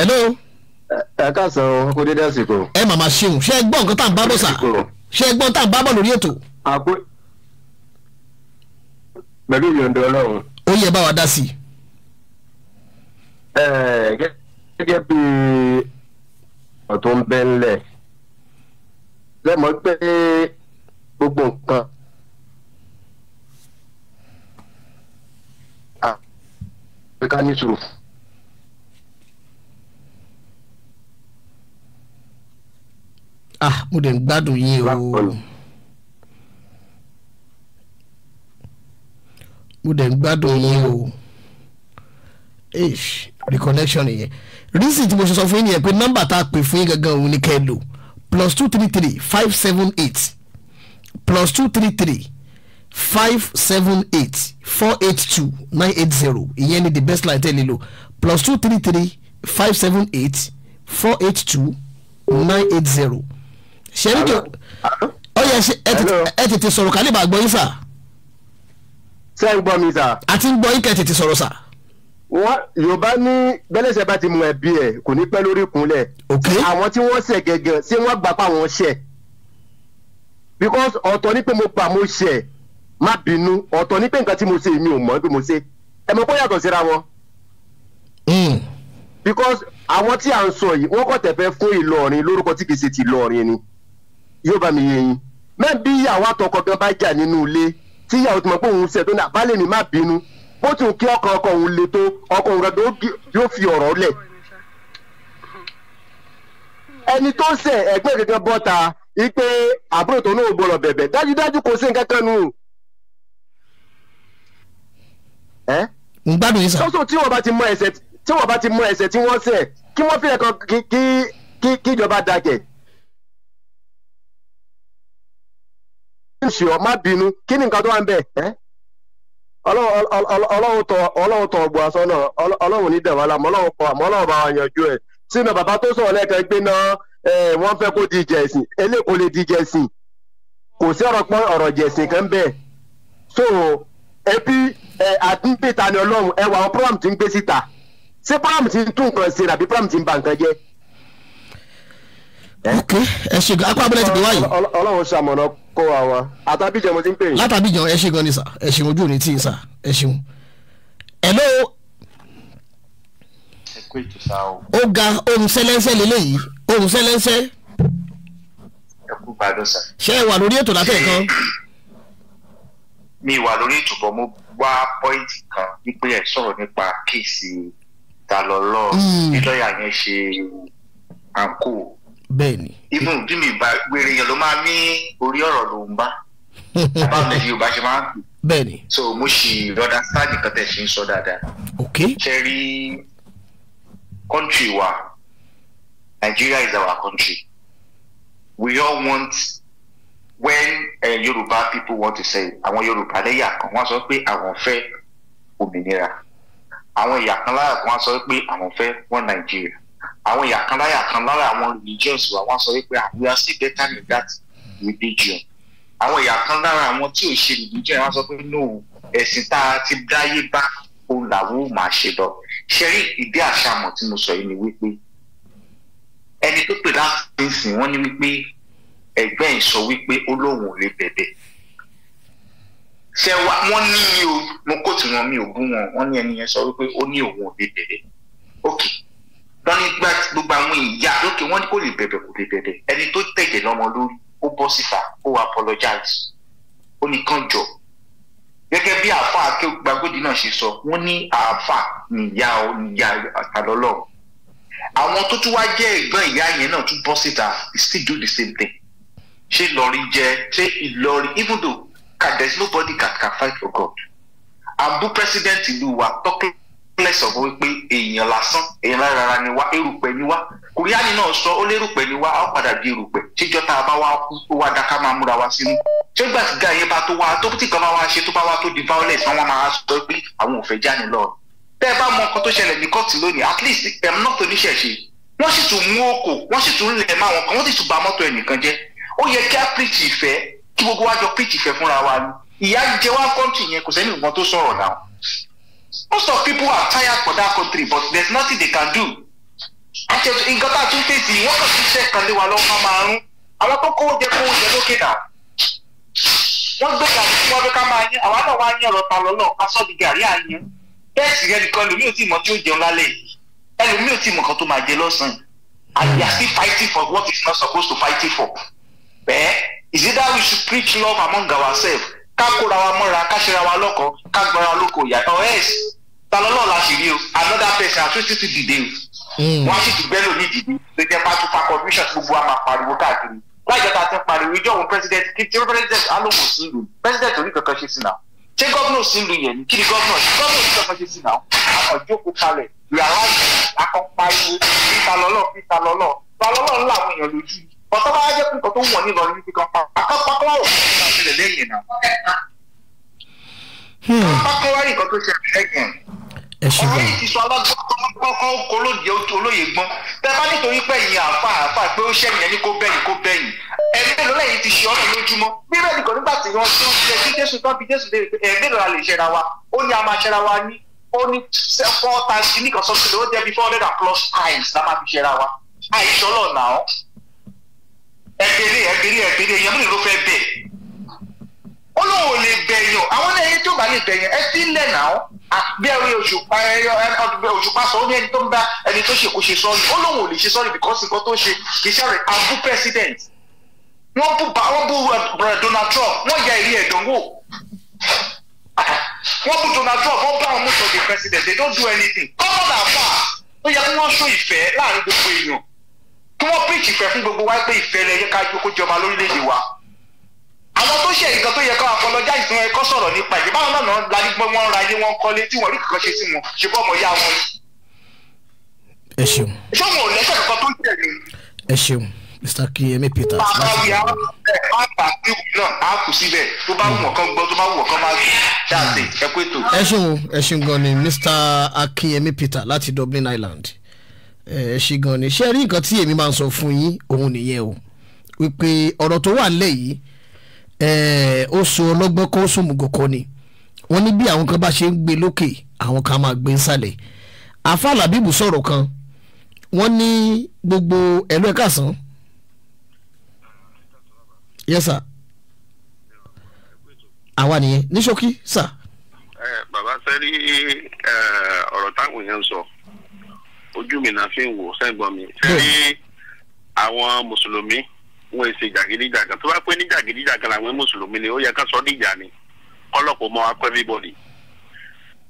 ẹ lọ. ẹ kà sàn o kò dédé àsìkò. ẹ màmá ṣeun ṣé ẹ gbọ́ nǹkan tá à ń bá bọ̀ sà. àsìkò ṣé é gbọ́n tá à ń bá bọ̀ lórí ètò. àpò pẹ̀lú ìyọ̀ǹda ọlọ́run. ó yẹ bá wa dá sí i. gẹ́gẹ́ bí ọ̀tún ń bẹ́ ńlẹ̀ lẹ́mọ̀ pé gbogbo nǹkan àfikà ah, ní fún. ah mo dẹ̀ ń gbádùn yín o mo dẹ̀ ń gbádùn yín o reconnection nìyẹn reason tí mo sọ fún yín nìyẹn pé nọ́mbà tá a pè fún yín gangan òun ni kẹ́ ẹ lò plus two three three five seven eight plus two three three five seven eight four eight two nine eight zero ìyẹn ni the best line tẹ́ ẹ plus two three three five seven eight four eight two nine eight zero Oh, sẹ́ríkì ọyẹ ẹ tètè sọ̀rọ̀ kálí bá gbọ́ yín sà. ṣé ń gbọ́ mi sà. àti ń gbọ́ yín kẹ́ tètè sọ̀rọ̀ sà. wọn yorùbá ní bẹ́lẹ́sẹ̀ bá ti mú ẹbí ẹ̀ kò ní pẹ́ lórí ìkúnlẹ̀. àwọn tí wọ́n ṣẹ̀ gẹ́gẹ́ ṣé wọ́n gbà pa àwọn ṣẹ̀. because ọ̀tọ̀ ni pé mo pa mo ṣẹ̀ má bínú ọ̀tọ̀ ni pé nǹkan tí mo ṣe mi ò mọ̀ pé mo ṣe ẹ̀ mọ̀ kó yàtọ̀ síra wọn hmm. because àwọn tí à ń sọ yìí wọn kò tẹ̀fẹ́ fún Ìlọrin lórúkọ tí kì í ṣe ti Ìlọrin ni yóò bá mi yé yín mẹ́ẹ̀ bí ìyàwó àtọkọ gan bá jà nínú ilé tí ìyàwó ti mọ̀ pé òun ṣẹ̀ tó ní mi má bínú bó ti ń kí ọkọ ọkọ òun le tó ọkọ òun gan yóò fi ọ̀rọ̀ lẹ̀ ipe àbúrò tó náà gbọ́dọ̀ bẹ̀bẹ̀ dájúdájú kò sí nǹkan kan nù. tí wọ́n bá ti mọ ẹsẹ̀ tí wọ́n bá kí wọ́n fi ẹ̀kan kí ìjọba ṣe ọ má bínú kí ni nǹkan tó wà ń bẹ̀ ẹ́ ọlọ́run tọ̀ ọgbọ́n aṣọ náà ọlọ́run ní dẹ̀wọ́ la mọ́ ọlọ́run kọ àmọ́ ọlọ́run bá wọn yanjú ẹ̀ sínú bàbá tó sọ̀rọ̀ lẹ́ẹ̀kan gbé náà wọ́n fẹ́ kó di ìjẹ̀sìn eléyìí kò lè di ìjẹ̀sìn kò sí ọ̀rọ̀ pọ́n ọ̀rọ̀ ìjẹ̀sìn kan bẹ́ẹ̀ so ẹbí àdúgbò ta ni ọlọ́run ẹwà àwọn program ti ń gbé síta ṣé program ti ń tún nǹkan ok ẹ ṣe gan akọ abúlé ti gbé wáyé. ọlọ́run ṣamọ̀nà kó wa wa àtàbíjọ mo ti ń pè yín. látàbíjọ ẹ ṣe gan ni sà ẹ ṣeun ojú òní tí ń sà ẹ ṣeun. hello. ó ga ohun sẹ́lẹ́sẹ́ lélẹ́yìí ohun sẹ́lẹ́sẹ́. ẹ kú gbàdọ̀ sà. ṣé ẹ wà lórí ètò látẹ̀ kan. mi wà lórí ètò bọ́ mo wá pọ́ìntì kan wípé ẹ sọ̀rọ̀ nípa kéèsì ìdálọ́lọ́ hmm. bí yẹn ṣe àǹkó bẹ́ẹ̀ni. even bí mi bá wèrè yẹn ló máa ní orí ọ̀rọ̀ ló ń bá báwo ni yorùbá ṣe máa ń pè. bẹ́ẹ̀ni. so mo ṣì rọdà sáà nìkan tẹ̀ ṣe ń sọ dáadáa. ok. ṣe rí country wa Nigeria is our country we all want when uh, Yorùbá people want to say àwọn Yorùbá lẹ́yà kan wọ́n sọ pé àwọn fẹ́ òmìnira àwọn ẹ̀yà kan lára kan wọ́n sọ pé àwọn fẹ́ wọ́n Nàìjíríà àwọn ìyà kan láyà kan lára àwọn religions wa wọ́n sọ wípé ah, we are still better than that religion àwọn ìyà kan lára àwọn tí ò ṣe religion wọ́n sọ pé no ẹ̀sìn tá a ti dáyé bá òun làwọn ò máa ṣe lọ ṣe rí ìdí àṣàmọ̀ tí mo sọ yìí ni wípé ẹni tó pè láti sìn wọ́n ní wípé ẹgbẹ́ ẹ̀ sọ wípé ó lóun ò lè bẹ̀bẹ̀ ṣe wa wọ́n ní o mo kó tí wọn mi ò bú wọn wọ́n ní ẹni yẹn sọ wípé ó ní òun ò lè bẹ̀bẹ̀ okay wọ́n ní gbogbo àwọn ìyá lókè wọ́n ní kò lè bẹ̀bẹ̀ kò lè bẹ̀bẹ̀ ẹni tó tẹ̀jẹ̀ lọ́mọ lórí ó bọ́ síta ó apologize ó ní kàn jọ gẹ́gẹ́ bí àáfàá akéwàgbọ́dì náà ṣe sọ wọ́n ní àáfàá níyà ọ níyà àtàlọ́lọ́ àwọn tó tún wá jẹ́ ẹ̀gbọ́n ìyá yẹn náà tún bọ́ síta still do the same thing ṣé Ìlọrin jẹ ṣé Ìlọrin even though there is nobody that can fight for God àbú president ìlú wa tọ́kẹ́ complex of wípé èèyàn lásán èèyàn rárá ni wá erùpẹ̀ ni wá kùrìánì náà sọ ó lérùpẹ̀ ni wá á padà di erùpẹ̀ tíjọ́ tá a bá wá kú ó wá dá ká máa múra wá sínú ṣé gbà tí gàyẹn bá tó wá tó tí kan bá wá ṣe tó bá wá tó di violence wọn máa sọ pé àwọn ò fẹ́ jáde lọ tẹ́ ẹ bá mọ nǹkan tó ṣẹlẹ̀ ní kóòtù lónìí at least ẹ̀m náà tó níṣẹ̀ṣe wọ́n sì tún mú òkò wọ́n sì tún lẹ̀ máa wọn kan wọ́n sì tún bà mọ́tò ẹnìkan jẹ́ ó yẹ kí á píìtì ìfẹ́ kí gbogbo wa jọ píìtì ìfẹ́ fúnra wa ni ìyá jẹ wá kọ́ńtì yẹn kò sẹ́ni nǹkan tó sọ̀rọ̀ náà most of people are tired for that country but there's nothing they can do àṣẹ nǹkan tá a tún fèsì wọ́n kàn tún ṣe kan lé wa lọ́wọ́ máa máa rún àwọn tó kó oúnjẹ kó oúnjẹ lókè náà wọ́n gbé gàrí tí wọ́n fẹ́ ká máa yín àwa náà wá yín ọ̀rọ̀ ta lọ́lọ́ asọ́bi gàrí àyín bẹ́ẹ̀ sì yẹn nìkan ẹlòmíì ò tí mọ̀ tí ó jẹun lálẹ́ yìí ẹlòmíì ò tí mọ̀ kan tó máa jẹ lọ́sàn-án and they are still fighting for what is not supposed to fight for bẹ́ẹ̀ is it that we should preach love among ourselves ká kóra wa mọ́ra ká ṣera wa lọ́kọ̀ọ́ ká gbọ́ra lóko ìyàtọ̀ ẹ̀ẹ́sì ta lọ́lọ́ la ṣì rí o another person àtúntì ti dìde o hmm. wọ́n á sì ti gbẹ́rù ní dìde ló jẹ́ bá tún fa contribution tí gbogbo wa máa pariwo káàkiri láìjọ ta ti ń pariwo ìjọ òun president kí tí president alóhùn sí ìlú president orí kankan ṣe sí náà ṣé gómìnà sí ìlú yẹn ni kí ni gómìnà ṣe gómìnà orí kankan ṣe sí náà àwọn ìjókòó kalẹ̀ ìyàrá àkànpariwo ìtalọ́lọ́ ìtalọ́lọ́ ìtalọ́lọ́ ńlá àwọn èèyàn lójú ọ̀tọ́ bá jẹ́ nǹkan tó ń wọ̀n nílọrin ní kíkan pákápákọ́rọ̀ nípa ìṣẹ̀lẹ̀ lẹ́yìn náà. Hmm. pákápákọ́rọ̀ nǹkan tó ṣẹlẹ̀ lẹ́yìn. ẹ ṣe bẹ́ẹ̀. ọ̀rẹ́ ìṣọ alágbọ́kọ́ olóye olóye gbọ́n tẹ bá nítorí pé ẹ̀yin àáfà àáfà pé ó ṣẹ̀yìn ẹni kó bẹ́yìn kó bẹ́yìn ẹ̀mí ló lẹ́yìn ti ṣe ọ̀rọ̀ lójúmọ́ bíbélì nìkan nígbà tí wọ́n ti ń ṣe bí Jésù tán bí Jésù léèrè pé ẹ̀mí lọ́la lè ṣẹra wa ó ní a máa ṣẹra wa ní ó ní four times nìkan sọ́kùnrin ó jẹ́ bí four hundred and plus times la máa fi ṣẹra wa àìṣọ́lọ̀ náà ẹ̀kẹ́rẹ́ ẹ̀kẹ́rẹ́ ẹ̀kẹ́rẹ́ èèyàn mélòó ló fẹ́ bẹ̀ ó lóun ò lè bẹ̀ yàn àwọn ẹ̀yìn tó bá lè bẹ̀ yàn ẹ sí lẹ̀ náà bẹ́ẹ̀ òṣùpá ẹyọ ọdún òṣùpá sọ ó ní ẹni tó ń bá ẹni tó ṣèkó ṣe sọ́ọ̀rì ó lóun ò lè ṣe sọ́ọ̀rì because nǹkan tó ṣe kì í ṣàrẹ̀ abú president wọ́n bú wọ́n bú Donald Trump wọ́n ya ìrí ẹ̀dánwò wọ́n bú Donald Trump wọ́n bá àwọn mọ́tò di president they don't do anything kọ́mọ̀nà àfà ó yẹ kí wọ́n ṣó ìfẹ́ láàrin gbogbo èèyàn kí wọ́n píríkì fẹ́ fún gbogbo wa pé ìfẹ́ rẹ̀ yẹ ká jókòó jọba lórílẹ̀‐èdè wa àwọn tó ṣe nǹkan tó yẹ ká apọlọjá ìsìn wọn ẹkọ sọ̀rọ̀ nípa ìdí báwọn náà la ní gbọ́n wọn ra ilé wọn kọ́lé tí wọn rí kankan ṣe sí wọn ṣe bọ́ ọmọ ìyá wọn. ẹ ṣeun. ṣé wọn ò lẹ́sẹ̀ kankan tó ń tẹ̀ mí. ẹ ṣeun Mr. Kiyemi Peter. bàbá wíyá bá bá sí náà á kù síbẹ̀ tó bá wù ọ̀kan gbọ́ tó bá wù ẹ ṣeun ẹ ṣeun gan ni Mr. Akiyemi Peter láti Dublin Island ẹ ṣe gan ni ṣé rí nǹkan tí èmi máa ń sọ fún yín òun nìyẹn o wípé ọ̀rọ̀ tó wà nílẹ̀ yìí ó so ọlọ́gbọ́n kó sùn mùgọ̀kọ́ ni wọ́n ní bí àwọn kan bá ṣe ń gbé lókè àwọn kan máa gbé nsàlẹ̀ àfa làbíbù sọ̀rọ̀ kan wọ́n ní gbogbo ẹ̀lú ẹ̀ka sàn. yes sir àwa nìyẹn ní ṣókí sà. bàbá sẹ́rí ọ̀rọ̀ táwọn èèyàn ń sọ ojú mi náà fi ń wò sẹ́gbọ̀n mi. ṣé àwọn mùsùlùmí wọn ṣe jàgídíjàgan tó bá pé ní jàgídíjàgan làwọn mùsùlùmí ni ó yẹ ká sọ ọ́ dìjà ni kọ́lọ́pọ̀ mọ́ akọ́ everybody.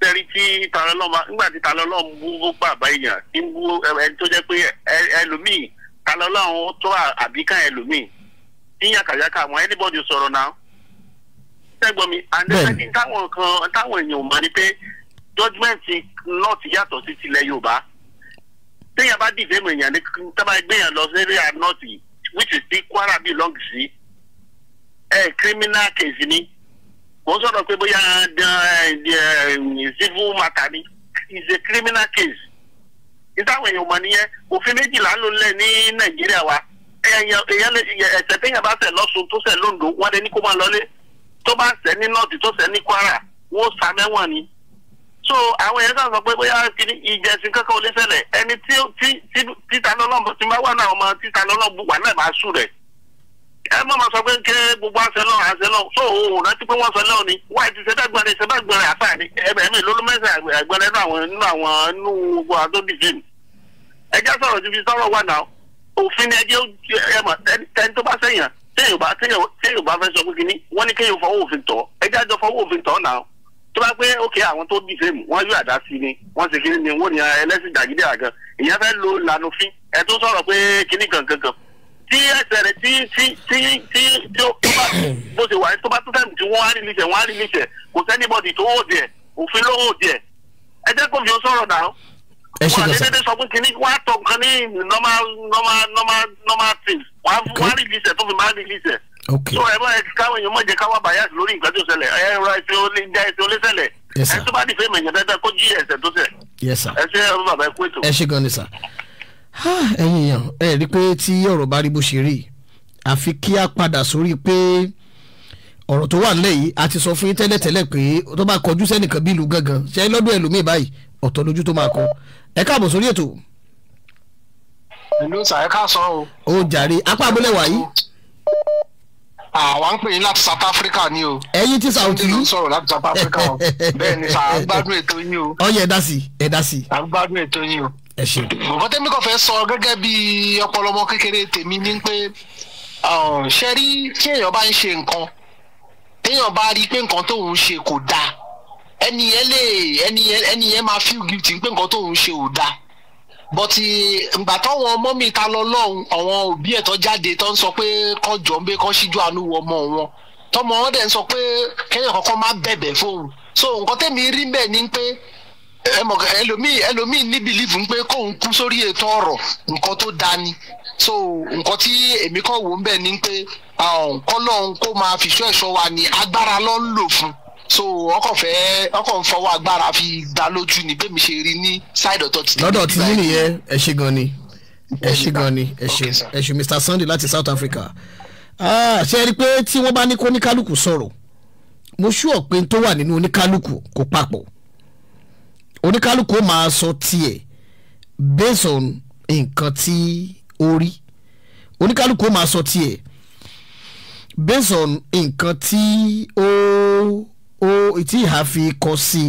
tẹ́rí tí talọ́lọ́mọ nígbà tí talọ́lọ́mọ bú bú bàbá èèyàn tí ń bú ẹni tó jẹ́ pé ẹlòmíì talọ́lọ́run tó àbíká ẹlòmíì tí yàkàyàkà àwọn anybody sọ̀rọ̀ náà sẹ́gbọ̀n mi and then táwọn kan táwọn èèyàn ò mọ̀ ni pé judgement náà ti yàtọ̀ sí tilẹ̀ Yorùbá téèyàn bá dìde mọ̀ èèyàn ní tábà gbéyàn lọ sí area north which is ti Kwara belong sí ẹ criminal case ni kò sọ̀rọ̀ pé bóyá civil matter ni is a criminal case ìtàwọn èèyàn mọ̀ nìyẹn òfin méjìlá ló lẹ̀ ní Nàìjíríà wa ẹ̀ṣẹ̀ téèyàn bá ṣẹ̀ lọ́sùn tó ṣẹ̀ lóńdó wọ́n lé ní kó máa lọlé tó bá ṣẹ̀ ní north tó ṣẹ̀ ní Kwara wọ́n sá mẹ́wọ̀n ni. so àwọn yẹn kàn sọ pé bóyá ìjẹsìn kankan ò lè ẹni tí títa lọ́lọ́mù tí wà náà ọmọ títa lọ́lọ́mù wà náà máa sùn rẹ ẹ má sọ pé ké gbogbo so òun rántí pé wọ́n sọlẹ́ òní wáyé ti nínú àwọn nínú gbogbo fi wà náà òfin ni tó bá bá sọ pé kínní tó bá pé ókè àwọn tó bí fèmù wọn yóò àdá sí ni wọn ṣe kíni ni wọn ni ẹlẹ́sìn dàgídé àgàn ìyẹn fẹ́ lo lanufin ẹ tó sọ̀rọ̀ pé kíní kankan kan tí ẹsẹ̀ rẹ̀ tí tí tí tí tí ó bá bó ṣe wà tó bá tó tẹ̀mù tí wọ́n á rí níṣẹ̀ wọ́n á rí níṣẹ̀ kò sẹ́ni bọ́dì tó hò díẹ̀ òfin ló hò díẹ̀ ẹ jẹ́ kó fi sọ̀rọ̀ náà wọn àti dédé sọ pé kíní wọn á tọ nǹkan ní normal normal normal normal things wọn á rí níṣẹ̀ tó fi máa rí níṣẹ̀ ok so ẹ bá ẹ káwọn èèyàn mọ̀ jẹ́ káwá bias lórí nǹkan tó ṣẹlẹ̀ ẹ ra ẹsẹ̀ olè já ẹsẹ̀ olè ṣẹlẹ̀ ẹ tó bá di fẹ́ẹ́ mẹ̀yìn dáadáa kó jí ẹsẹ̀ tó ṣẹ̀ ẹ ṣe ẹ bàbá ẹ kú ètò. ẹ ṣe gan ni sà ẹ̀yin èèyàn ẹ rí i pé tí ọ̀rọ̀ bá rí bó ṣe rí àfi kí a padà sórí pé ọ̀rọ̀ tó wà nílẹ̀ yìí a ti sọ fún yín tẹ́lẹ̀tẹ́lẹ̀ pé tó bá kọjú sẹ́nìkan bí ìlú gangan ṣe lọ́dún ẹlòmíì báyìí ọ̀tọ̀ lójú tó máa kọ ẹ káàbọ̀ sórí ètò. ìlú sàyẹ́ká sọ o. ó jàre apá abúlé wà yìí àwa ah, ń pè yín láti South Africa ni o. ẹ̀yin ti South Africa. ti sọ̀rọ̀ láti South Africa o. bẹ́ẹ̀ ni sà á gbádùn ètò yín o. ọyẹ ẹ̀dá sí ẹ̀dá sí. à ń gbádùn ètò yín o. ẹ ṣeun. bọ̀bọ̀ tẹ́mi kò fẹ́ sọ gẹ́gẹ́ bí ọpọlọmọ kékeré tèmi ní pé ah, ṣe rí tí èèyàn bá ń ṣe nǹkan téèyàn bá rí pé nǹkan tóun ṣe kò dáa ẹni yẹn lè ẹni yẹn máa feel guilty pé nǹkan tóun ṣe ò dáa bọ́tí ìgbà táwọn ọmọ mi ta lọ lọ́hùn àwọn òbí jáde tó ń pé kọ́ jọ ń bẹ kọ́ síjú ọmọ wọn tọmọ wọn dẹ̀ pé kẹ́yìn kọ́kọ́ má bẹ̀bẹ̀ fóun so nǹkan tẹ́mi rí pé ẹlòmíì ẹlòmíì ní bìlífù pé sórí ètò ọ̀rọ̀ nǹkan tó ni tí èmi wò ń bẹ̀ ni pé kó máa fìṣọ́ ẹ̀ṣọ́ wa ni agbára ń fún so ọkọ fẹ ọkọ fọwọ́ agbára fi dá lójú ni bẹ́ẹ̀ mi ṣe rí ní side ọ̀tọ̀ ti tẹ̀lé. lọ́dọ̀ tí nìyẹn ẹ ṣe gan ni ẹ ṣe gan ni ẹ ṣe Mr Sunday láti South Africa ah, ṣe rí i pé tí wọ́n bá ní kó oníkálukú sọ̀rọ̀ mo ṣúọ̀ pé n tó wà nínú oníkálukú kò papọ̀ oníkálukú máa sọ tiẹ̀ based on nǹkan tí ó rí oníkálukú máa sọ tiẹ̀ based on nǹkan tí ó. O tí ìhà fi kọ sí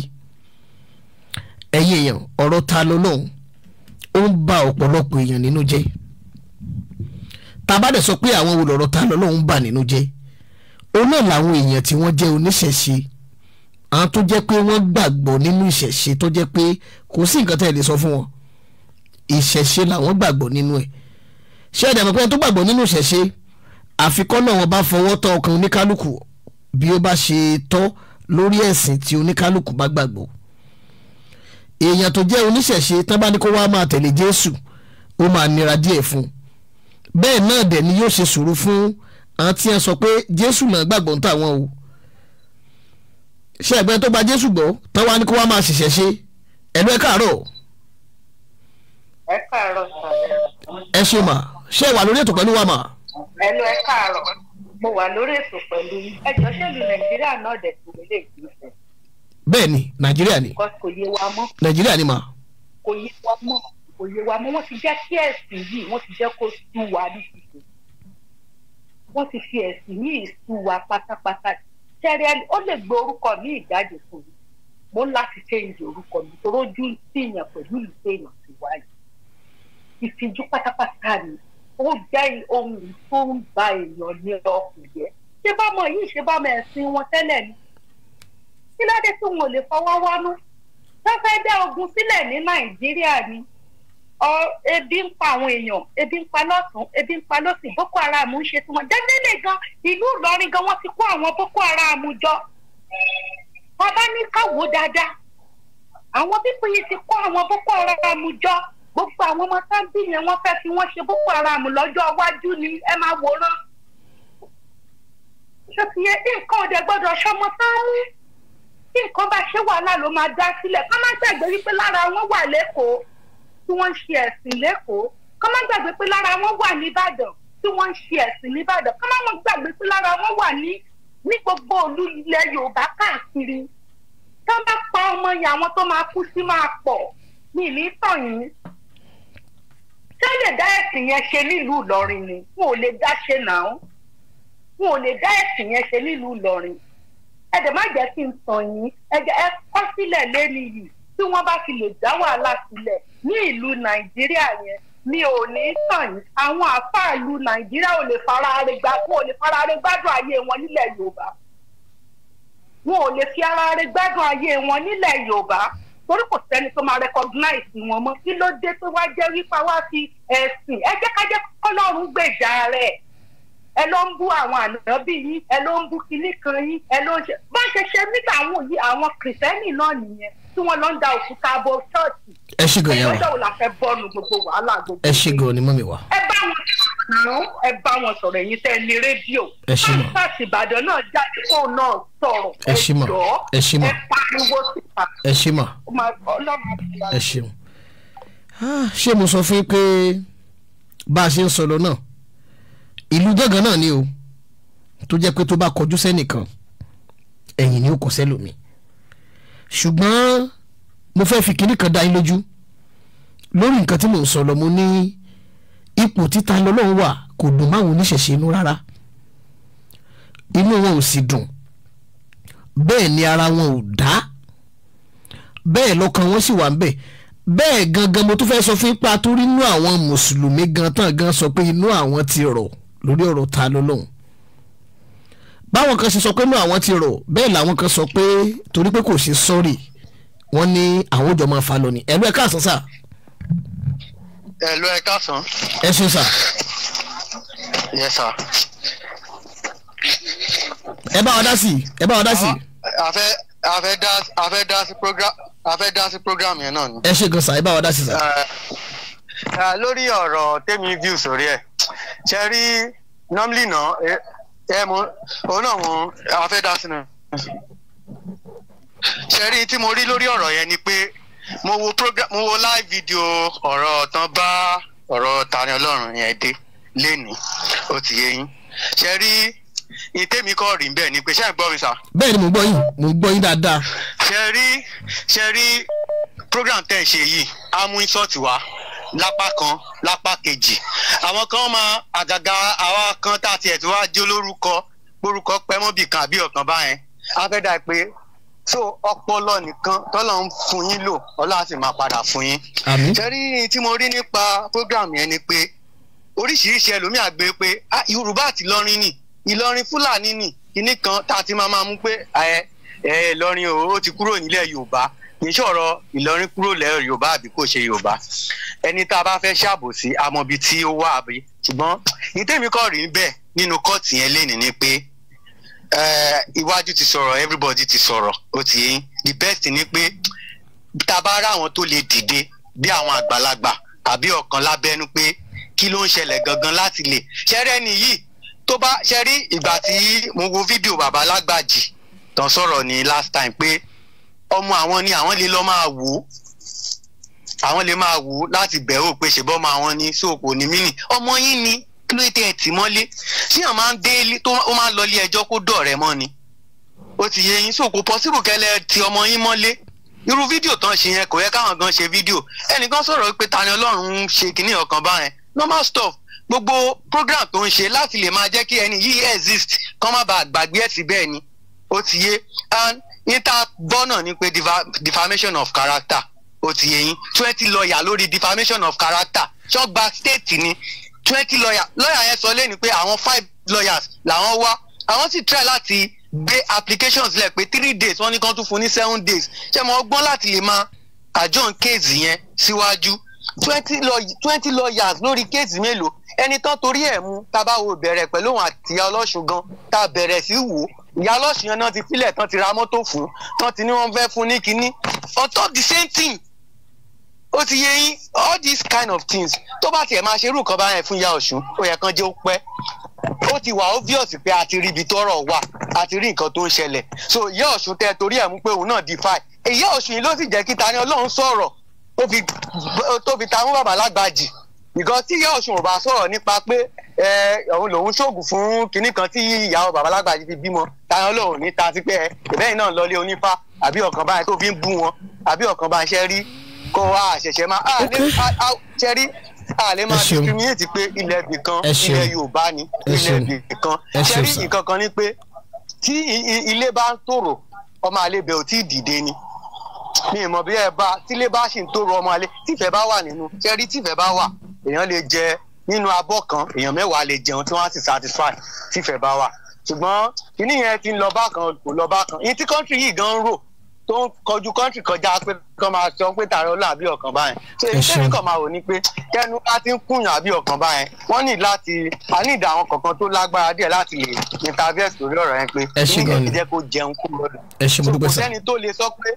ẹ̀yìn èèyàn ọ̀rọ̀ ta ló náà ó ń ba ọ̀pọ̀lọpọ̀ èèyàn nínú jẹ́ tàbádẹ̀ sọ pé àwọn olọ̀rọ̀ ta ló náà ń bà nínú jẹ́ òun náà làwọn èèyàn tí wọ́n jẹ́ oníṣẹ̀ṣe àwọn tó jẹ́ pé wọ́n gbàgbọ́ nínú ìṣẹ̀ṣe tó jẹ́ pé kò sí nǹkan tẹ́ ẹ lè sọ fún wọn ìṣẹ̀ṣe làwọn gbàgbọ́ nínú ẹ̀ ṣé ẹ̀dá mọ̀ pé tó gbàgbọ́ nínú ìṣẹ̀ṣe àfikọ́ náà wọn bá fọwọ́ tọ́ ọkàn oníkálukú bí ó bá ṣe tọ́ lórí ẹ̀sìn tí oníkálukú bá gbàgbọ́ èèyàn tó jẹ́ oníṣẹ̀ṣe tán bá ní kó wá máa tẹ̀lé Jésù ó máa nira díẹ̀ fún un bẹ́ẹ̀ náà dẹ̀ ni yóò ṣe ṣòro fún àwọn tí wọ́n sọ pé Jésù náà gbàgbọ́ ń tàwọn o ṣé ẹ̀gbẹ́ tó gba Jésù gbọ́ tán wá máa ṣẹ̀ṣẹ̀ ṣe ẹ̀lú ẹ̀ káàárọ̀. ẹ káàárọ̀ sọ̀rọ̀. ẹ ṣe mà ṣé ẹ wà lórí ètò pẹ̀lú wa mà. ẹ̀lú ẹ káàárọ̀ mo wà lórí ètò pẹ̀lú ẹjọ́ ṣèlú nàìjíríà náà dẹ̀ tó lè gbèsè. bẹ́ẹ̀ ni nàìjíríà ni kò yé wa mọ́ nàìjíríà ni mà. kò yé wa mọ́ kò yé wa mọ́ wọ́n ti jẹ́ kí ẹ̀sìn yìí wọ́n ti jẹ́ kó sú wa ní ṣíṣe wọ́n ti fi ẹ̀sìn yìí sú wa pátápátá ṣẹ́rí ó lè gbé orúkọ mi ìjáde fún mi mo láti ṣéǹjì orúkọ mi torójú sí èèyàn pẹ̀lú ìṣèyàn ti wáyé ìfijú pátápátá ni ó jẹ́ ohun tó ń ba èèyàn ní ọkùnrin jẹ́ ṣé bámọ yìí ṣe bámọ ẹ̀sìn wọn tẹ́lẹ̀ ni kí ládé tí wọn ò lè fọwọ́ wánú wọ́n fẹ́ dá ogun sílẹ̀ ní nàìjíríà ni ebi ń pa àwọn èèyàn ebi ń pa lọ́sùn ebi ń pa lọ́sì boko haram ń ṣe tí wọ́n dẹ́gbẹ́lẹ̀ gan ìlú ìlọrin gan wọ́n ti kó àwọn boko haram jọ wọ́n bá ní káwọ́ dáadáa àwọn pípọ̀ yìí ti kó àwọn boko haram jọ gbogbo àwọn ọmọ tábì yẹn wọ́n fẹ́ fi wọ́n ṣe boko haram lọ́jọ́ iwájú ni ẹ máa wòran ṣé ti yẹ nǹkan ọ̀dẹ gbọ́dọ̀ ṣọmọ sáárú tí nǹkan bá ṣe wàhálà ló máa dá sílẹ̀ ká má gbàgbé wípé lára wọn wà lẹ́kọ̀ọ́ tí wọ́n ń ṣe ẹ̀sìn lẹ́kọ̀ọ́ ká má gbàgbé pé lára wọn wà nìbàdàn tí wọ́n ń ṣe ẹ̀sìn nìbàdàn ká má wọn gbàgbé pé lára wọn wà ní ní gbogbo òlu ilẹ̀ yorùbá káàkiri tó bá pa ọmọ yẹn àwọn tó máa kú sí máa pọ̀ ní ìlítàn yìí tẹ́lẹ̀ dá ẹ̀sìn yẹn ṣe nílùú Ìlọrin ni wọn ò lè dá ṣe náà wọn ò lè dá ẹ̀sìn yẹn ṣe nílùú Ìlọrin ẹ dẹ̀ má jẹ́ kí n tàn yín ẹ jẹ́ ẹ kọ́ sílẹ̀ lẹ́nu yìí tí wọ́n bá fi lè dá wàhálà sílẹ̀ ní ìlú Nàìjíríà yẹn mi ò ní tàn yín àwọn àáfàá ìlú Nàìjíríà ò lè fara rẹ gbà wọn ò lè fara rẹ gbádùn ayé wọn nílẹ̀ Yorùbá wọn ò lè fi ara rẹ gbádùn ayé wọn nílẹ̀ Yorùbá torí kò sẹ́ni tó máa recognize wọn mọ́ kí ló dé tó wá jẹ́ wípé wá fi ẹ̀sìn ẹ jẹ́ kọ́lọ́run gbèjà rẹ̀ ẹ ló ń bú àwọn ànábì yín ẹ ló ń bú kinní kan yín ẹ ló ń ṣe bá ṣe ṣe nígbà àwọn yìí àwọn kìrìsẹ́nì náà nìyẹn tí wọ́n lọ ń da òkú káàbọ̀ ṣọ́ọ̀ṣì. ẹ ṣe yẹn wa ẹjọ́ wo la fẹ́ bọ́ọ̀nù gbogbo wàhálà gbogbo. ẹ ṣe ni mọ́mi wa. ẹ bá wọn sọ̀rọ̀ ẹ bá wọn sọ̀rọ̀ ẹ̀yin tẹ́ ní rédíò. ẹ ṣe mọ̀ káńtà ìbàdàn náà jáde fóun náà sọ̀rọ̀ ẹ ṣe mọ̀ ẹ ṣe mọ̀ ẹ pariwo mọ̀ ẹ ṣe mọ̀ ah, ṣé mo sọ fún yín pé bá a ṣe ń sọ náà ìlú gángan náà ni o tó jẹ́ pé tó bá kọjú sẹ́nìkan ẹ̀yìn ni ó kọ sẹ́lòmíì ṣùgbọ́n mo fẹ́ fi kinní kan dá yín lójú lórí nǹkan tí mò ń sọ lọ mo ní ipò títa lọ́lọ́run wà kò dùn máwọn oníṣẹ̀ṣe inú rárá inú wọn ò sì dùn bẹ́ẹ̀ ni ara wọn ò dá bẹ́ẹ̀ lọ́kàn wọn sì wà ń bẹ̀ bẹ́ẹ̀ gangan mo tún fẹ́ sọ fún ipa torí inú àwọn mùsùlùmí gan tán gan sọ pé inú àwọn ti rọ̀ lórí ọ̀rọ̀ ta lọ́lọ́run báwọn kan ṣe sọ pé inú àwọn ti rò bẹ́ẹ̀ làwọn kan sọ pé torí pé kò ṣe sọ́ọ̀rì wọ́n ní àwọn òjò máa fa lọ ni ẹ̀lú ẹ̀ka àsán sà. ẹ̀lú ẹ̀ka àsán. ẹ ṣe sà. yẹ sà. ẹ bá wa dá sí ẹ bá wa dá sí. àfẹ́ àfẹ́ dá àfẹ́ dá sí program àfẹ́ dá sí program yẹn náà ni. ẹ ṣe gan sà ẹ bá wa dá sí sà. lórí ọ̀rọ̀ tèmi views sórí ẹ̀ ṣe rí normally náà ẹ mọ òun náà wọn àwọn fẹẹ dá sínú. ṣẹ́rí tí mo rí lórí ọ̀rọ̀ yẹn ni pé mo wo program mo wo live video ọ̀rọ̀ tán bá ọ̀rọ̀ Tani Olohun yẹn dé lénìí ó ti yé yín ṣẹ́rí ìtẹ́mi kọ́ rí bẹ́ẹ̀ ni pé ṣé ẹ̀ gbọ́ mi sá. bẹ́ẹ̀ mo gbọ́ yín mo gbọ́ yín dáadáa. ṣẹ́rí ṣẹ́rí program tẹ̀ ń ṣe yìí á mú insult wá lápá kan lápá kejì àwọn kan máa àgàgà àwa kan tá a tiẹ̀ tí wàá jó lórúkọ gbórúkọ pẹ́mọ́bì kan àbí ọ̀kan báyẹn á fẹ́ dà pé so ọpọlọ nìkan tọ́lọ̀ ń fún yín lò ọlá sì máa padà fún yín. sẹ́rí tí mo rí nípa program yẹn ni pé oríṣiríṣi ẹlòmíà gbé pé Yorùbá àti Ìlọrin ni Ìlọrin Fúlàní ni kinní kan tá a ti máa máa mú pé ẹ ẹ Ìlọrin o ó ti kúrò nílẹ̀ Yorùbá kì í ṣọ̀rọ̀ Ìlọrin kúrò lẹ́rọ̀ Yorùbá àbí kò ṣe Yorùbá ẹni tá a bá fẹ́ ṣàbòsí amọ̀bi tí ó wà àbí ṣùgbọ́n ní kọ́ rí bẹ́ẹ̀ nínú kóòtù yẹn lénìí ni pé iwájú ti sọ̀rọ̀ everybody ti sọ̀rọ̀ ó ti yín the best ni pé tá a bá rá àwọn tó lè dìde bí àwọn àgbàlagbà àbí ọ̀kan lábẹ́nu pé kí ló ń ṣẹlẹ̀ gangan láti lè ṣẹ́rẹ́ ni yìí tó bá ṣe rí ìgbà tí mo wo fídíò bàbá Lágbàjì tán sọ̀rọ̀ ní last time pé ọmọ àwọn ni àwọn lè lọ máa wò ó àwọn lè máa wò ó láti bẹ̀rù pé ṣèbọ́ máa wọn ní sóòpò ní ọmọ yín ni kí ló tẹ̀ tì mọ́lé ṣíyàn máa ń dé tó ó máa ń lọ ilé ẹjọ́ kó dọ̀rẹ́ mọ́ ni ó ti yẹ yín sóòpò pọ́sibù kẹ́lẹ́ ti ọmọ yín mọ́lé irú fídíò tán ṣe yẹn kò yẹ káwọn gan ṣe fídíò ẹnìkan sọ̀rọ̀ pé Tani Olohun ń ṣe kinní ọkàn báyẹn normal stuff gbogbo program tó ń ṣe láti lè máa jẹ́ kí ẹni yìí exist kán má bàa gbàgbé ẹ̀ sí bẹ́ẹ̀ ni ó ti yé and níta gbọ́ náà ni pé defamation of character ó ti yẹyin twenty lawyer lórí defamation of character ṣọ́gba state ni twenty lawyer lawyer yẹn sọ ni pé àwọn five lawyers làwọn wá àwọn sì try láti gbé applications lẹ̀ pé three days wọ́n ní kán tún fún ní seven days ṣé mo gbọ́n láti lè máa adjourn kéèzì yẹn síwájú twenty twenty lawyers lórí kéèzì mélòó ẹni tán torí ẹ̀ mú tá a bá wo bẹ̀rẹ̀ pẹ̀lú òun àtìyá ọlọ́ṣun gan tá a bẹ̀rẹ̀ sí wò ó ìyá ọlọ́sìn yẹn náà ti filẹ̀ tán ti ra mọ́tò fún tán ti ní wọ́n fẹ́ fún ní kinní ọ̀tọ̀ the same thing ó ti yé yín all these kind of things tó bá tiẹ̀ máa ṣe irú nǹkan báyẹn fún ìyá ọ̀ṣun ó yẹ kán jẹ́ ó pẹ́ ó ti wà obvious pé a ti rí ibi tọ́rọ̀ wà a rí nǹkan tó ń ṣẹlẹ̀ so ìyá ọ̀ṣun tẹ torí ẹ̀ mú pé òun náà defy ìyá ọ̀ṣun yìí ló sì jẹ́ kí Tani Olohun sọ̀rọ̀ tó fi ta mú bàbá lágbàjì because tí ìyá ọ̀ṣun ò bá sọ̀rọ̀ nípa pé òun lòun ṣoògùn fún kinní kan tí ìyàwó babalágbà yìí fi bímọ táyọ̀ lòun ní ta sí pé ẹ ìbẹ́yìn náà lọlé onífá àbí ọ̀kan báyìí tó fi ń bú wọn àbí ọ̀kan bá ṣẹ́ rí kó wa àṣẹ̀ṣẹ̀ máa ṣẹ́ rí àlẹ́ máa discriminate pé ilẹ̀ ibì kan ilẹ̀ Yorùbá ni ilẹ̀ ibì kan ṣẹ́ rí nǹkan kan ni pé tí ilé bá ń tòrò ọmọ àlebẹ̀ ò tí ì dìde ni mi ì mọ̀ bí ẹ bá tílé bá ṣì ń tòrò ọmọ àlè tífẹ̀ bá wà nínú ṣẹ́ rí tífẹ̀ bá wà èèyàn lè jẹ nínú abọ́ kan èèyàn mẹ́wàá lè jẹun tí wọ́n á sì satisfy tífẹ̀ bá wà ṣùgbọ́n kíní yẹn ti ń lọ bákan kò lọ bákan ìyẹn tí kọ́ńtì yìí gan ń rò tó ń kọjú kọ́ńtì kọjá pé kán máa sọ pé tààrà ọlá àbí ọ̀kan báyẹn ṣé ìṣẹ́ni kan máa wò ní pé kẹ́nu bá ti ń kùnyàn àbí ọ̀kan báyẹn wọ́n ní láti a ní ìdá àwọn tó lágbára díẹ̀ láti lè interview lórí ọ̀rọ̀ yẹn pé ní kẹ́kẹ́ jẹ́ kó jẹun kó lọ́dọ̀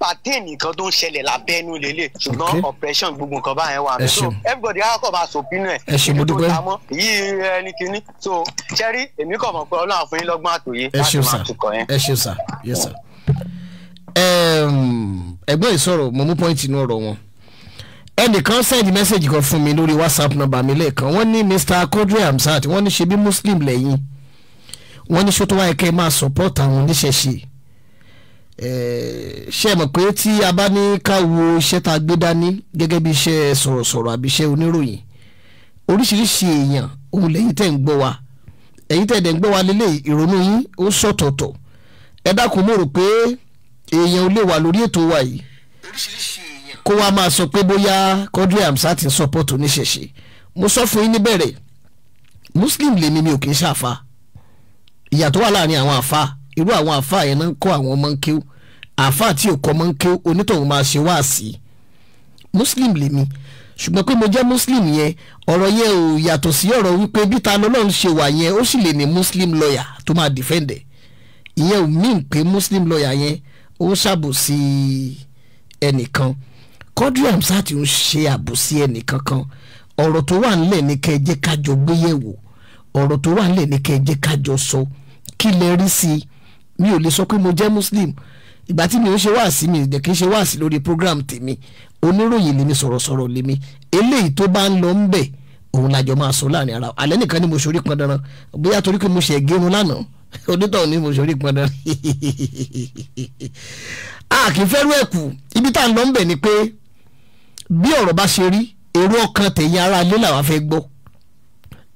pàtẹ́ nìkan tó ń ṣẹlẹ̀ lábẹ́nú lélẹ̀ ṣùgbọ́n operation gbogbo nǹkan báyẹn wà. so everybody á kọ̀ bá sòpinú ẹ̀. ẹ ṣe mo dúpẹ́ yìí ẹni kìíní so ṣẹ́rí èmi kọ̀ mọ̀ pé ọlọ́run àfọyín lọ́gbọ́n àtòyé láti máa tukọ̀ yẹn. ẹ ṣe sà yes sà ẹgbọ́n ìsọ̀rọ̀ mo mú pọ́ìntì inú ọ̀rọ̀ wọn ẹnìkan send message kan fún mi lórí whatsapp number mi lẹ́ẹ̀kan wọ́n ní mr kodri hamsat wọ́n ní ṣe bí muslim lẹ́yìn wọ́n ní ṣó tó wáyé kẹ́ ẹ máa ṣe mọ̀ pé tí a bá ní ká wo iṣẹ́ tá a gbé dání gẹ́gẹ́ bí iṣẹ́ sọ̀rọ̀sọ̀rọ̀ àbí iṣẹ́ oníròyìn oríṣiríṣi èèyàn òun lẹ́yìn tẹ̀ ń gbọ́ wa ẹ̀yìn tẹ̀ dẹ̀ ń gbọ́ wa lélẹ̀ ìrònú yín ó sọ̀tọ̀tọ̀ ẹ dákun mo rò pé èèyàn ò lè wà lórí ètò wa yìí kó wa máa sọ pé bóyá Quadri Hamzat ń sọpọ́tò oníṣẹ̀ṣe mo sọ fún yín níbẹ̀rẹ̀ muslim lèmi mi ò kì í ṣàfà ìyàtọ̀ wà láàrin àwọn àfáà irú àwọn àfáà yẹn náà kọ́ àwọn ọmọ ń kéw àfáà tí ò kọ́ ọmọ ń kéw onítọ̀hún máa ṣe wáàsí muslim lèmi ṣùgbọ́n pé mo jẹ́ muslim yẹn ọ̀rọ̀ yẹn ò yàtọ̀ sí ọ̀rọ̀ wípé bí ta lọ́lọ́run ṣe wà yẹn ó sì lè ní muslim lawyer tó máa defend ẹ̀ ìyẹn ò mí pé muslim lawyer yẹn ó ń ṣàbòsí ẹnìkan Quadri Hamzat ń ṣe àbòsí ẹnìkankan ọ̀rọ̀ tó wà nílẹ̀ ní kẹ́ ẹ jẹ́ kájọ gbéyẹ̀wò ọ̀rọ̀ tó wà nílẹ̀ ní kẹ́ ẹ jẹ́ kájọ sọ kí lẹ rí sí i mi ò lè sọ pé mo jẹ́ muslim ìgbà tí mi ò ṣe wáàsí mi ìdẹ̀ kì í ṣe wáàsí lórí program tèmi oníròyìn lèmi sọ̀rọ̀sọ̀rọ̀ lèmi eléyìí tó bá ń lọ ń bẹ̀ òun làjọ máa sọ láàrin ara alẹ́ nìkan ni mo ṣorí pọn dandan bóyá torí pé mo ṣe gérun lánàá onítọ̀ ni mo ṣorí pọn dandan a kì í fẹ́rù ẹ̀kú ibi tá à ń lọ ń bẹ̀ ni pé bí ọ̀rọ̀ bá ṣe rí èrò ọkàn tẹ̀yìn ara lé làwa fẹ́ gbọ́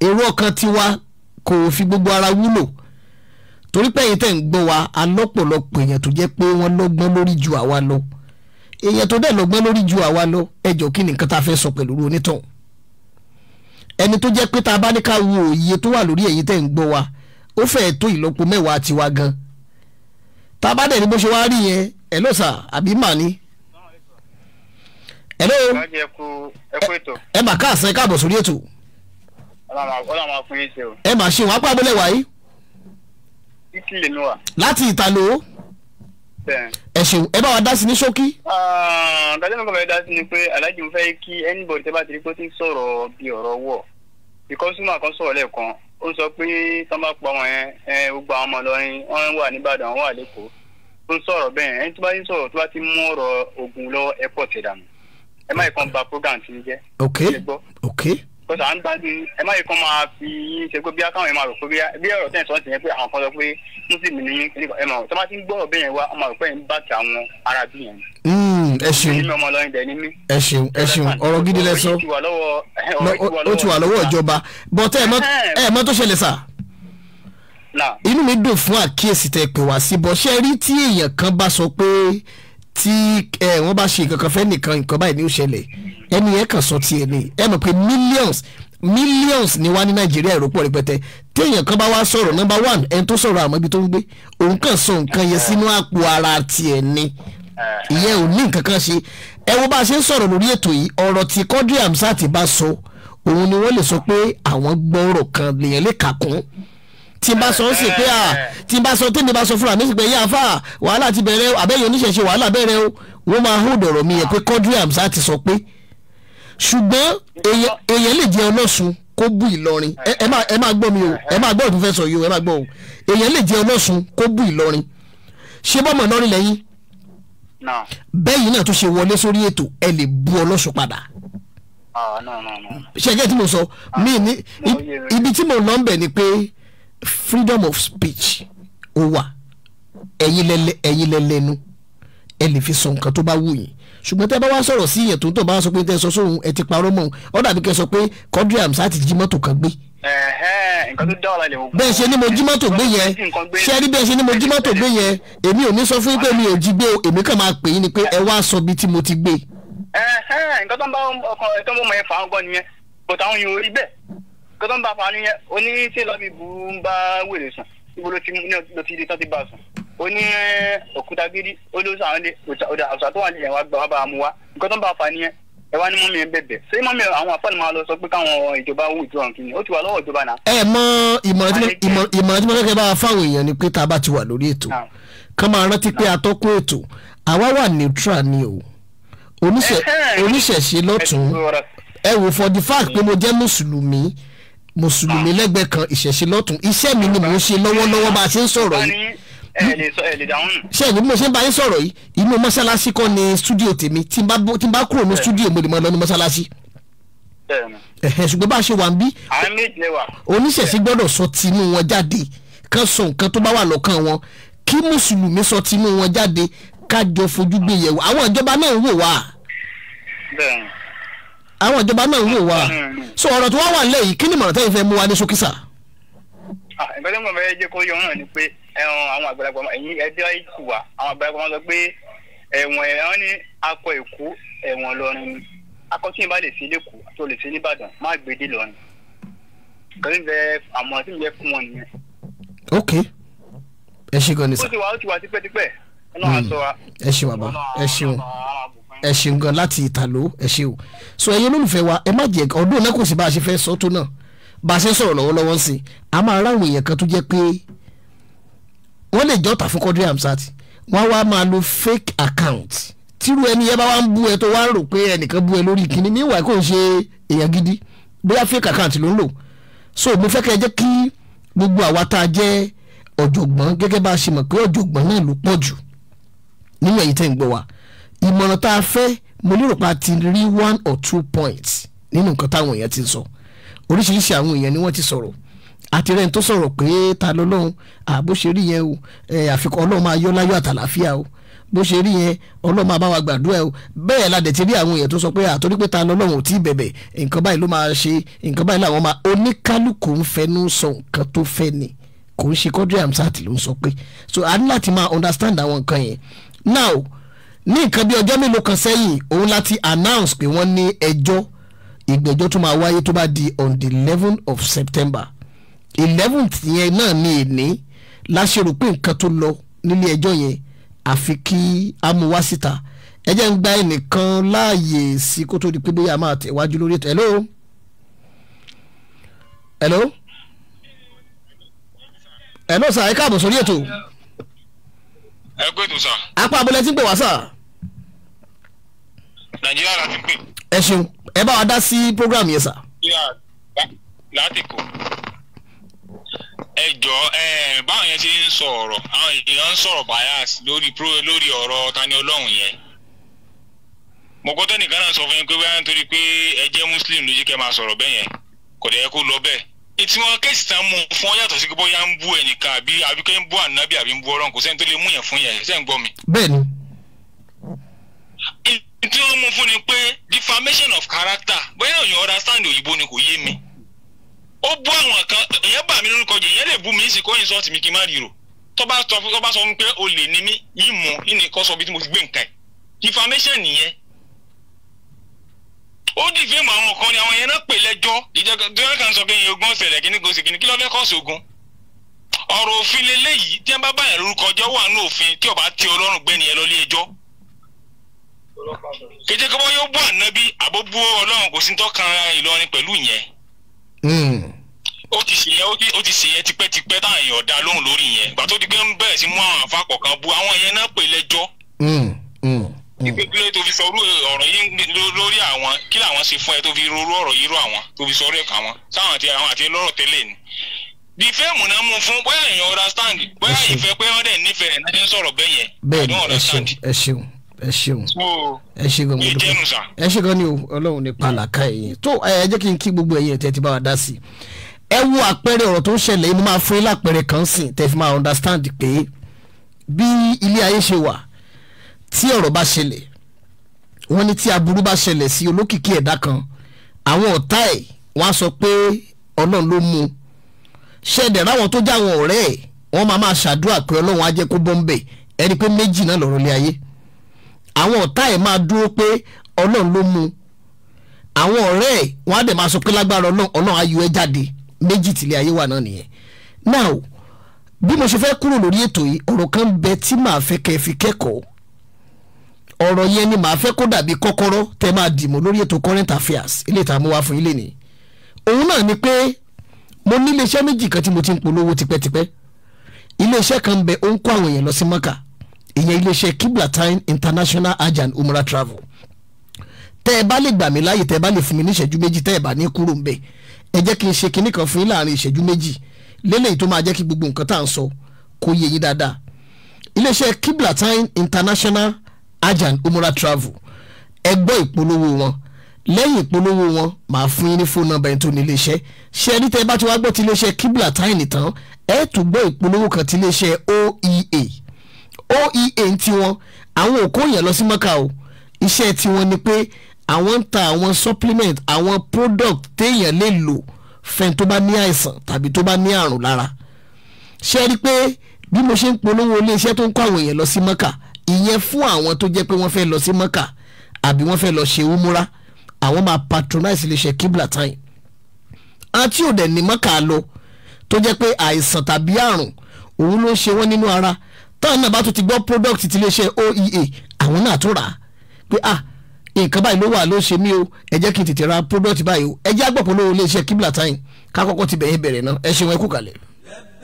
èrò ọkàn tiwa kò fi gbogbo ara wúlò torí pé èyí tẹ̀ ń gbọ́ wa alọ́pọ̀lọpọ̀ èèyàn tó jẹ́ pé wọ́n lọ́gbọ́n lórí ju àwa lọ èèyàn tó dẹ̀ lọ́gbọ́n lórí ju àwa lọ ẹjọ́ kí ni nǹkan tá a fẹ́ sọ pẹ̀lú onítàn ẹni tó jẹ́ pé tá a bá ní ká wo òye tó wà lórí èyí tẹ̀ ń gbọ́ wa ó fẹ́ẹ̀ tó ìlọ́po mẹ́wàá tiwa gan tá bá dẹ̀ ní bó ṣe wá rí yẹn ẹ̀ lọ́sà àbí mà ní. ẹ̀lọ́ ẹ̀ mà káàsán káàbọ̀ sórí ètò. ẹ mà ṣe wọn apá abúlé wàyí títí lèmi wà. láti ìtàló. ẹ ṣeun ẹ bá wa dá sí ní ṣókí. dájọ́ náà kò fẹ́ dá sí ni pé aláàjì ń fẹ́ kí anybody tẹ́ bá ti rí pé ó ti sọ̀rọ̀ bí ọ̀rọ̀ wọ̀ because súnmọ́ àkọ́ sọ̀rọ̀ lẹ́ẹ̀kan ó sọ pé tán bá pa wọn yẹn gbogbo àwọn ọmọ lọrin wọn wà níbàdàn wọn wà lẹ́kọ̀ọ́ tó ń sọ̀rọ̀ bẹ́ẹ̀ ẹni tó bá ń sọ̀rọ̀ tó bá ti mú ọ̀rọ̀ ogun lọ airport ẹ̀ ẹ má yẹ kàn ba program ti ń jẹ́. ok ok kó sàn án gbádùn ẹ má yẹ kó máa fi yín ṣe pé bí akáwọn yẹn máa rò pé bí ọ̀rọ̀ tẹ̀ sọ́ọ̀tì yẹn pé àwọn kan sọ pé mùsùlùmí ni yín kiri ẹ mọ̀ tó bá ti ń gbọ́rọ̀ bẹ́yẹn wá ọmọ rò pé ń bá ti àwọn ará bí yẹn. Hmm, ẹ ṣeun ẹ ṣeun ẹ ṣeun ọ̀rọ̀ gidi lẹ sọ ó ti wà lọ́wọ́ ìjọba bọ́tẹ́ ẹ mọ́ tó ṣẹlẹ̀ sà inú mi dùn fún àkíyèsí tẹ pè wá sí bọ́ ṣe rí tí èèyàn kan bá sọ pé tí wọ́n bá ṣe nǹkan kan fẹ́ nìkan nǹkan báyìí ni ó ṣẹlẹ̀ ẹni yẹn kàn sọ tiẹ̀ ni ẹ mọ̀ pé millions millions ni wá ní nàìjíríà ìrọ́pọ̀ rẹpẹtẹ téèyàn kan bá wá sọ̀rọ̀ number one ẹni tó sọ̀rọ̀ àmọ́ ibi tó ń gbé òun kàn sọ nǹkan yẹn sínú àpò ara tiẹ̀ ni ìyẹn ò ní nǹkan kan ṣe ẹ wo bá a ṣe ń sọ̀rọ̀ lórí ètò yìí ọ̀rọ̀ tí Quadri Hamzat bá sọ òun ni wọ́n lè sọ pé àwọn gbọ́rọ̀ kan lèyàn lè kà kún tí n bá sọ ó sì pé à tí n bá sọ tèmi bá sọ fúnra mi sì pé yáa fà wàhálà ti bẹ̀rẹ̀ o oníṣẹ̀ṣe wàhálà bẹ̀rẹ̀ o wọ́n máa hold ọ̀rọ̀ mi yẹn pé Quadri Hamzat sọ pé ṣùgbọ́n èèyàn lè jẹ́ ọlọ́sùn kó bú ìlọrin ẹ máa gbọ́ mi o ẹ máa gbọ́ ọdún fẹ́ sọ yìí o ẹ máa gbọ́ o èèyàn lè jẹ́ ọlọ́sùn kó bú ìlọrin ṣé bọ́mọ̀ lọ́rin lẹ́yìn bẹ́yìn náà tó ṣe wọlé sórí ètò ẹ lè bú ọlọ́sùn padà ah, ṣẹ́gẹ́ tí mo sọ ah, mi ní ibi tí mo lọ ń bẹ̀ ni pé freedom of speech ó wà ẹ̀yin lẹ́lẹ́nu ẹ lè fi sọ nǹkan tó bá wù yín ṣùgbọ́n tẹ́ bá wá sọ̀rọ̀ sí ìyẹn tó ń tọ̀ bá sọ pé tẹ́ sọ sóhun ẹ ti parọ́ mọ́ ọ dàbí kẹ́ sọ pé Quadri Hamzat ti jí mọ́tò kan gbé. bẹ́ẹ̀ ṣe ni mo jí mọ́tò gbé yẹn ṣé rí bẹ́ẹ̀ ṣe ni mo jí mọ́tò gbé yẹn èmi ò ní sọ fún pé mi ò jí gbé o èmi kàn máa pè yín ni pé ẹ wá sọ bí tí mo ti gbé. nǹkan tó ń bá ọkọ ẹ̀ tó ń bọ́ mọ̀ ẹ̀ fà á gbọ́ ó ní eh, òkúta gidi ó ló sọ àwọn ilé ọ̀dà àwùsà tó wà ní ẹ̀wà gbà wá bá mu wá nǹkan tó ń bá fa nìyẹn ẹ wá ní mọ́mí ẹ bẹ̀bẹ̀ ṣé mọ́mí àwọn afọ́nì máa lọ sọ pé káwọn ìjọba wù ìtura kìíní ó ti wà lọ́wọ́ ìjọba náà. ẹ mọ ìmọ̀ràn tí mo kẹ́kẹ́ bá fáwọn èèyàn ni pé tá a bá ti wà lórí ètò kán máa rántí pé atọ́kùn ètò àwa wà neutral ni o oníṣẹ̀ṣe lọ́tún ẹ wò for the fact pé mo jẹ́ mùsùlùmí mùsùlùmí lẹ́gbẹ̀ẹ́ kan ìṣẹ̀ṣe lọ́tún iṣẹ́ mi ni mò ń ṣe lọ́wọ́lọ́wọ́ bá a ṣe ń sọ̀rọ̀ yìí ẹ lè sọ ẹ lè dáhùn. ṣé ẹni bí mo ṣe ń bá yín sọ̀rọ̀ yìí inú mọ́ṣáláṣí kọ́ ni stúdíò tèmi tí n bá kúrò ní stúdíò mo lè mọ lọ́nu mọ́ṣáláṣí. ẹ̀hẹ̀ ṣùgbọ́n bá a ṣe wà ń bí. àwọn méjì lè wà. oníṣẹ̀ṣe gbọ́dọ̀ sọ tinú wọn jáde kán sọ nǹkan tó bá wà lọ́kàn wọn kí mùsùlùmí sọ tinú wọn jáde kájọ fojú gbé yẹ̀wò àwọn ìjọba náà ń wò wá. àwọn ìjọba náà ń wò wá. so ọ̀rọ̀ tó wá wà nílẹ̀ kí ni mọ̀ràn tẹ́yìn fẹ́ mú wa ní ṣókísà. ìgbàlẹ́ mọ̀ bẹ́ẹ̀ jẹ́ kó yọ ọ́n náà ni pé ẹran àwọn àgbàlagbà ẹ̀yìn ẹ̀dẹ́ ìtù wa àwọn àgbàlagbà máa sọ pé ẹ̀wọ̀n ẹ̀wọ̀n ní akọ èkó ẹ̀wọ̀n lọ́rin ni akọ tí ìbá lè ṣe lẹ́kọ̀ọ́ tó lè ṣe nìbàdàn má gbèdé lọ́rin kọ́ni bẹ àmọ́ tí mi yẹ fún wọn nìyẹn. ok ẹ ṣe gan ni sá. ó ti wà ó ti wà tipẹ́tipẹ́ ẹ ṣe wà bá ẹ ṣeun ẹ ṣeun gan láti ìtàló ẹ ṣe o so ẹ̀yin olólùfẹ́ wa ẹ má jẹ́ ọdún náà kò sí bá a ṣe fẹ́ sọ tó náà bá a ṣe sọ̀rọ̀ lọ́wọ́lọ́wọ́ sí i a máa ráwọn èèyàn kan tó jẹ́ pé wọ́n lè jọ́ta fún Quadri Hamzat wọ́n wá máa lo fake account tírú ẹni yẹn bá wá ń bú ẹ tó wá ń rò pé ẹnìkan bú ẹ lórí kíní níwà kò ń ṣe èèyàn gidi bóyá fake account ló ń lò so mo fẹ́ kẹ́ ẹ jẹ́ kí gbogbo àwa tá a jẹ́ ọ̀jọ̀gbọ́n gẹ́gẹ́ bá a ṣe mọ̀ pé ọ̀jọ̀gbọ́n náà ló pọ̀ jù nínú èyí tẹ́ ń gbọ́ wa ìmọ̀ràn tá a fẹ́ mo lérò pa ti rí one or two points nínú nǹkan táwọn èèyàn ti sọ oríṣiríṣi àwọn èèyàn ni wọ́n ti sọ̀rọ̀ àti rẹ̀ ń tó sọ̀rọ̀ pé ta ló lóhun àbó ṣe rí yẹn o àfikún ọlọ́run máa yọ láyọ̀ àtàlàfíà o bó ṣe rí yẹn ọlọ́run máa bá wa gbàdúrà o bẹ́ẹ̀ la dẹ̀ ti rí àwọn èèyàn tó sọ pé àtọ́rí pé ta lọ́lọ́run ò tí ì bẹ̀bẹ̀ nǹkan báyìí ló máa ṣe nǹkan báyìí làwọn máa oníkálukú ń fẹnu sọ nǹkan tó fẹ́ ni kò ń ṣe Quadri Hamzat ló ń sọ pé so a ní láti máa understand àwọn nǹkan yẹn now ní nǹkan bí ọjọ́ mélòó kan sẹ́yìn òun láti announce pé wọ́n ní ẹjọ́ ìgbẹ́jọ́ tó máa wáyé tó bá di on the eleven of September eleventh yẹn náà ni èní láṣẹrò pé nǹkan tó lọ nílé ẹjọ́ yẹn àfi kí a mú wá síta ẹ jẹ́ ń gba ẹnìkan láàyè sí kó tó di pé bóyá a máa tẹ̀ lórí ètò hello hello hello sà ẹ káàbọ̀ sórí ètò. ẹ pé tù sà. apá abúlé ti ń pè wá sà. nàìjíríà la ti pè. ẹ ṣeun ẹ bá wa dá sí program yẹn sà. láti kò. ẹjọ jọ ẹ báwọn yẹn ti ń sọ àwọn lórí pro lórí Tani yẹn mo kọ́ sọ fún yín pé báyọ̀ nítorí pé ẹ muslim ló jẹ́ kẹ́ máa sọ̀rọ̀ bẹ́ẹ̀ yẹn kò dẹ̀ kó lọ bẹ́ẹ̀ wọn tán mú fún ń bú àbí ń bú ànábì àbí ń bú Ọlọ́run kò sẹ́ni tó lè mú yẹn fún yẹn gbọ́ mi. ó bú àwọn kan èèyàn bà mí lórúkọ jẹ èèyàn lè bú mi ní ìsìnkú insult mi kí n má ríro tó bá sọ tó bá sọ pé o lè ní mí yín mú yín kọ́ sọ bí mo ti gbé nǹkan ẹ̀ information nìyẹn ó dì fíìmù àwọn kan ni àwọn yẹn náà pè lẹ́jọ́ ìjọba kan sọ pé èèyàn ogun ọ̀sẹ̀ rẹ̀ kíní kò sí kíní kí ló fẹ́ kọ́ sógun ọ̀rọ̀ òfin leléyìí tí wọ́n bá báyà lórúkọ ọjọ́ wà ní òfin tí ọba ti ọlọ́run gbẹ́ni ẹ lọ lé ẹjọ́ kété kọ́bọ́ yóò bú ànábì àbó bú ọlọ́run kò sí tọ́kan Ìlọrin pẹ̀lú yẹn. Hmm ó ti ṣe yẹn ó ti ṣe yẹn tipẹ́tipẹ́ táwọn èèyàn dá lóhùn lórí yẹn ìgbà tó di pé ń bẹ̀rẹ̀ sí mú àwọn àfa kọ̀ọ̀kan bu àwọn yẹn náà pè lẹ́jọ́. Mm, mm, mm. ìpè kílẹ̀ tó fi sọ orú ọ̀rọ̀ yìí lórí àwọn kí làwọn ṣe fún ẹ tó fi rorú ọ̀rọ̀ yìí rọ àwọn tó fi sọ orí ẹ̀ka wọn sáwọn àti àwọn àti lọ́rọ̀ tẹ́lẹ̀ ni. di fíìmù náà mú fún bóyá èèyàn understand bóyá ìfẹ́ pé wọ́n dẹ̀ nífẹ̀ẹ́ náà ti ń ẹ ṣeun ẹ ṣe gan mo dúpẹ́ ẹ ṣe gan ni Ọlọ́run ní palaka ẹ̀yìn tó ẹ jẹ́ kí n kí gbogbo ẹ̀yìn ẹ̀ tẹ́ ti bá wa dá sí i ẹ wo àpẹẹrẹ ọ̀rọ̀ tó ń ṣẹlẹ̀ yìí mo máa fún yín lápẹẹrẹ kan sìn tẹ́ fi máa understand pé bí ilé ayé ṣe wà tí ọ̀rọ̀ bá ṣẹlẹ̀ wọ́n ní tí aburú bá ṣẹlẹ̀ sí olókìkí ẹ̀dá kan àwọn ọ̀tá ẹ̀ wọ́n á sọ pé ọlọ́run ló mú un ṣẹ̀dẹ̀ ráwọn tó jáwọn ọ̀rẹ́ ẹ̀ wọ́n máa máa ṣàdúrà pé ọlọ́run á jẹ́ kó bọ́m̀bẹ̀ ẹni pé méjì náà lọ̀rọ̀ lé ayé àwọn ọ̀tá ẹ̀ máa dúró pé ọlọ́run ló mú un àwọn ọ̀rẹ́ ẹ̀ wọ́n á dẹ̀ máa sọ pé lágbára ọlọ́run á yọ ẹ́ jáde méjì tílé ayé wà náà nìyẹn now bí mo ṣe fẹ́ kúrò lórí ètò yìí ọ̀rọ̀ kan bẹ tí màá fẹ́ kẹ́ fi kẹ́kọ̀ọ́ ọ̀rọ̀ yẹn ni màá fẹ́ kó dàbí kọ́kọ́rọ́ tẹ́ máa dìmọ̀ lórí ètò current affairs ilé ìta mú wá fún ilé ni òun náà ni pé mo ní iléeṣẹ́ méjì kan tí mo ti ń polówó tipẹ́tipẹ́ iléeṣẹ́ kan bẹ ó ń kó àwọn èèyàn lọ sí maka ìyẹn iléeṣẹ́ kiblatine international hajj and umrah travel tẹ́ ẹ bá lè gbà mí láàyè tẹ́ ẹ bá lè fún mi níṣẹ́jú méjì tẹ́ ẹ bá ní kúrò ń bẹ́ẹ̀ ẹ jẹ́ kí n ṣe kinní kan fún yín láàrin ìṣẹ́jú méjì lélẹ́yìí tó máa jẹ́ kí gbogbo nǹkan tá à ń sọ kó yé yín dáadáa iléeṣẹ́ kiblatin international ajan umra travel ẹ gbọ́ ìpolówó wọn lẹ́yìn ìpolówó wọn màá fún yín ní fóònù nọ́mbà ẹni tó ní iléeṣẹ́ ṣé ẹni tẹ́ bá ti wá gbọ́ ti iléeṣẹ́ kiblatin tán ẹ tún gbọ́ ìpolówó kan ti iléeṣẹ́ oea oea ń tiwọn àwọn òkú yẹn lọ sí mọ́kà o iṣẹ́ tiwọn ni pé àwọn ń ta àwọn supplement àwọn product téèyàn lè lò fẹ́ tó bá ní àìsàn tàbí tó bá ní àrùn lára ṣe rí i pé bí mo ṣe ń polówó iléeṣẹ́ tó ń kó àwọn èèyàn lọ sí mọ́kà ìyẹn fún àwọn tó jẹ́ pé wọ́n fẹ́ lọ sí mọ́kà àbí wọ́n fẹ́ lọ ṣe umura àwọn máa patronize iléeṣẹ́ kibla time àti òdẹ̀ ní mọ́kà lọ tó jẹ́ pé àìsàn tàbí àrùn òun ló ń ṣe wọ́n nínú ara táwọn náà bá tún ti gbọ́ product ti iléeṣẹ́ oea àwọn náà tún rà á pé ah nǹkan báyìí ló wà ló ṣe mí o ẹ jẹ́ kí n tètè ra product báyìí o ẹ jẹ́ àgbọ̀pọ̀ lówó iléeṣẹ́ Qibla Time ká kọ́kọ́ ti bẹ̀yẹn bẹ̀rẹ̀ náà ẹ ṣeun ẹ kú kalẹ̀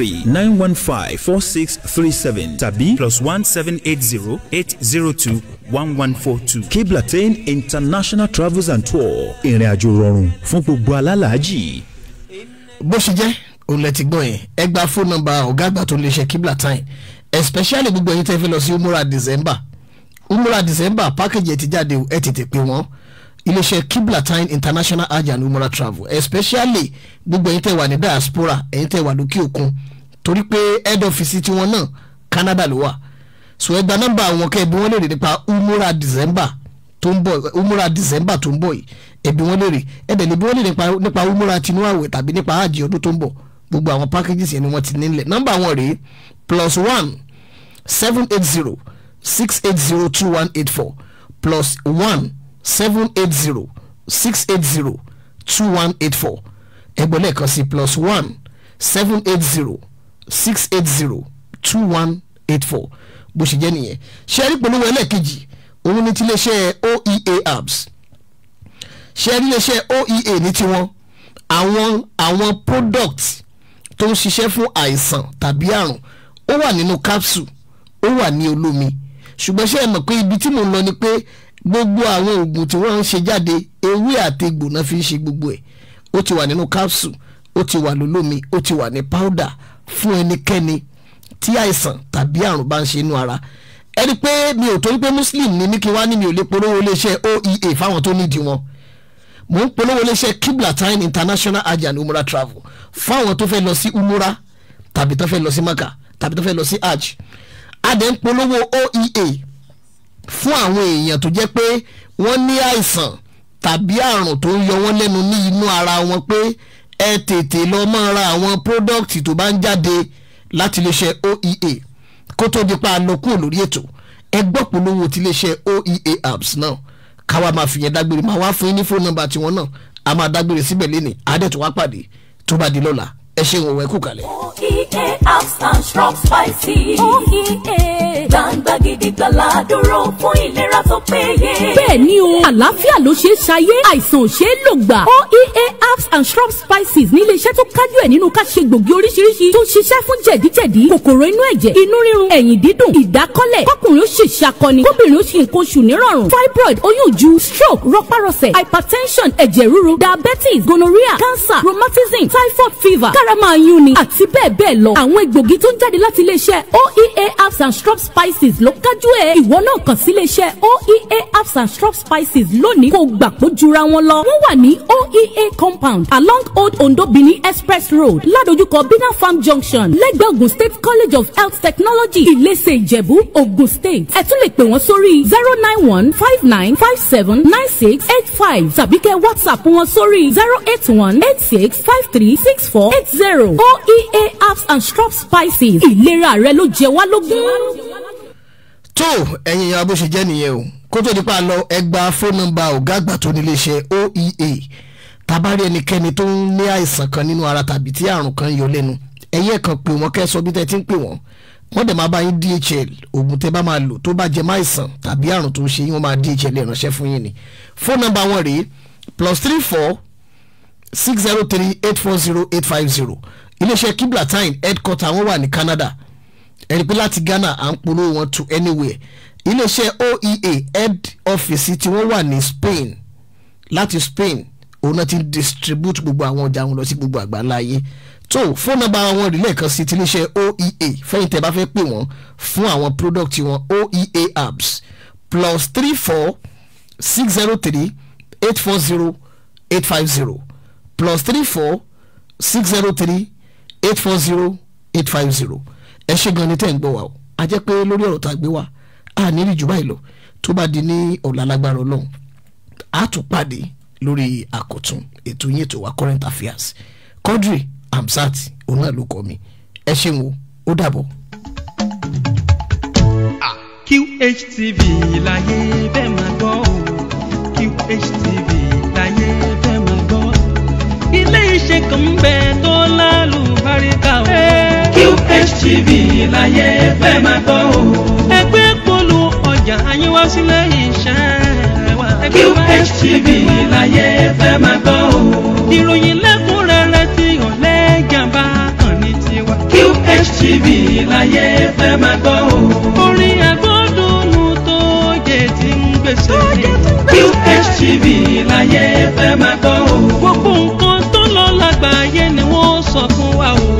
three nine one five four six three seven tàbí plus one seven eight zero eight zero two one one four two. Kiblatain International Travels and Tour ìrìn àjò rọrùn fún gbogbo alálàájì. bó ṣe jẹ́ òun lẹ ti gbọ́n yẹn ẹ gba fóònù nọ́mbà ọ̀gá àgbà tó lè ṣe Kiblatain especially gbogbo ẹ̀yin tẹ́ fẹ́ lọ sí umura December umura December package ẹ ti jáde ẹ tètè pè wọ́n iléeṣẹ́ kiblatine international hajj and travel especially gbogbo ẹ̀yin tẹ́ wà ní diaspora ẹ̀yin tẹ́ wà lókè òkun torí pé head office tiwọn náà Canada ló wà so ẹ gba nọ́mbà àwọn kẹ́ ẹbí wọn lè rí nípa umrah December tó ń bọ̀ umura December tó ń bọ̀ yìí ẹbí wọn lè rí ẹbẹ̀ níbi wọn lè rí nípa umrah tinú àwẹ̀ tàbí nípa hajj ọdún tó ń bọ̀ gbogbo àwọn packages yẹn ni wọ́n ti nílẹ̀ nọ́mbà wọn rèé plus one seven eight zero six eight zero two one eight four plus one seven eight zero six eight zero two one eight four ẹgbẹ́ lẹ́ẹ̀kan sí plus one seven eight zero six eight zero two one eight four bó ṣe jẹ́ nìyẹn ṣe rí polówó ẹlẹ́ẹ̀kejì òun ní tiléeṣẹ́ oea apps ṣe rí iléeṣẹ́ oea ní tiwọn àwọn àwọn product tó ń ṣiṣẹ́ fún àìsàn tàbí àrùn ó wà nínú capsule ó wà ní olómi ṣùgbọ́n ṣe é mọ̀ pé ibi tí mò ń lọ ni pé gbogbo àwọn oògùn tí wọ́n ń ṣe jáde ewé àti egbò náà fi ń ṣe gbogbo ẹ̀ ó ti wà nínú capsule ó ti wà lólómi ó ti wà ní powder fún ẹnikẹ́ni tí àìsàn tàbí àrùn bá ń ṣe inú ara ẹni pé mi ò torí pé muslim ni mí kí wá ní mi ò lè polówó iléeṣẹ́ oea fáwọn tó nídìí wọn mò ń polówó iléeṣẹ́ kiblatine international hajj umura travel fáwọn tó fẹ́ lọ sí umrah tàbí tó fẹ́ lọ sí maka tàbí tó fẹ́ lọ sí hajj a ń polówó oea fún àwọn èèyàn tó jẹ́ pé wọ́n ní àìsàn tàbí àrùn tó ń yọ wọ́n lẹ́nu ní inú ara wọn pé ẹ tètè lọ máa ra àwọn product tó bá ń jáde láti iléeṣẹ́ OEA kó tó di pa àlọ́ kúrò lórí ètò ẹ gbọ́ polówó ti iléeṣẹ́ OEA apps náà káwa máa fìyẹn dágbére máa wá fún yín ní fóònù nọ́mbà tiwọn náà a máa dágbére síbẹ̀ lẹ́nìí àádẹ́tù pàdé tó bá di lọ́la ẹ ṣeun òun ẹ kú kalẹ̀. OEA apps and shrub spices. OEA gbangba o àlàáfíà ló ṣe é ṣayé àìsàn ò ṣe é lò gbà. oea herbs and shrub spices ní iléeṣẹ́ tó kájú ẹ̀ nínú ká ṣe gbòógì oríṣiríṣi tó ń ṣiṣẹ́ fún jẹ̀díjẹ̀dí kòkòrò inú ẹ̀jẹ̀ inú rírun ẹ̀yìn dídùn ìdákọ́lẹ̀ kọkùnrin ó ṣe ṣakọni kóbìnrin ó ṣe nǹkan oṣù nírọ̀rùn fibroid oyún ju stroke rọpárọsẹ̀ hypertension ẹ̀jẹ̀ ríru diabetes gonorrhea cancer rheumatism typhoid fever karama máa yún ni àti bẹ́ẹ̀ bẹ́ẹ̀ lọ àwọn egbògi tó ń jáde láti iléeṣẹ́ oea herbs and shrub spices spices ló kájú ẹ̀. ìwọ náà kàn sí iléeṣẹ́ oea herbs and shrub spices lónìí kó gbà kó jura wọn lọ. wọ́n wà ní oea compound along old ondo benin express road ládojúkọ bina farm junction lẹ́gbẹ̀ẹ́ ogun state college of health technology ilese ìjẹ̀bú ogun state. ẹ tún lè pè wọ́n sórí zero nine one five nine five seven nine six eight five tàbí kẹ́ whatsapp wọn sórí zero eight one eight six five three six four eight zero oea herbs and shrub spices ìlera rẹ ló jẹ wá lógún tó ẹ̀yin ìyá bó ṣe jẹ́ nìyẹn o kó tó di pa lọ ẹ gba fóònù nọ́mbà ọ̀gá àgbà tó nílé iṣẹ́ oea tabari ẹnikẹ́ni tó ń ní àìsàn kan nínú ara tàbí tí àrùn kan yọ lẹ́nu ẹ̀yẹ́ kan pè wọ́n kẹ́ sọ bí tẹ́ ti ń pè wọ́n wọ́n dẹ̀ máa bá yín DHL oògùn tẹ́ bá máa lò tó bá jẹ máìsàn tàbí àrùn tó ń ṣe yín wọ́n máa DHL ìránṣẹ́ fún yín ni fóònù nọ́mbà wọn rèé plus three four six zero three eight four zero eight five zero iléeṣẹ́ kibla time headquarter wọn wà ní Canada ẹ̀rí pé láti Ghana à ń polówó wọn to anywhere iléeṣẹ́ OEA head office tí wọ́n wà ní Spain láti Spain òun náà ti ń distribute gbogbo àwọn ọjà wọn lọ sí gbogbo àgbáńlá ayé tó fóònù nọ́mbà wọn rí lẹ́ẹ̀kan sí ti iléeṣẹ́ OEA fẹ́yìntì ẹ bá fẹ́ pè wọ́n fún àwọn product wọn OEA apps plus three four six zero three eight four zero eight five zero plus three four six zero three eight four zero eight five zero ẹ ṣe gan ni tẹ́ ń gbọ́ wa o a jẹ́ pé lórí ọ̀rọ̀ tá a gbé wa a ní jù báyìí lọ tó bá di ní ọ̀la lágbára ọlọ́run a tún pàdé lórí àkọ́tún ètò yín ètò wa current affairs Quadri Hamzat òun náà ló kọ mi ẹ ṣeun o ó dàbọ̀. QHTV láyé bẹ́ẹ̀ máa gbọ́ QHTV láyé bẹ́ẹ̀ máa gbọ́ ilé iṣẹ́ kan ń tó lálùbáríkà o. HTB láyé fẹ́ máa gbọ́ o. ẹgbẹ́ polu ọjà àyẹ̀wò sílẹ̀ iṣẹ́ wa. QHTV láyé fẹ́ máa gbọ́ o. ìròyìn lẹ́kùnrẹ́rẹ́ tí ọ̀lẹ́ jàmbá kan ní tiwa. QHTV láyé fẹ́ máa gbọ́ o. orin agbódùnmù tó jẹ ti ń gbèsè. QHTV láyé fẹ́ máa gbọ́ o. gbogbo nǹkan tó lọ lágbàáyé ni wọ́n sọ fún wa o.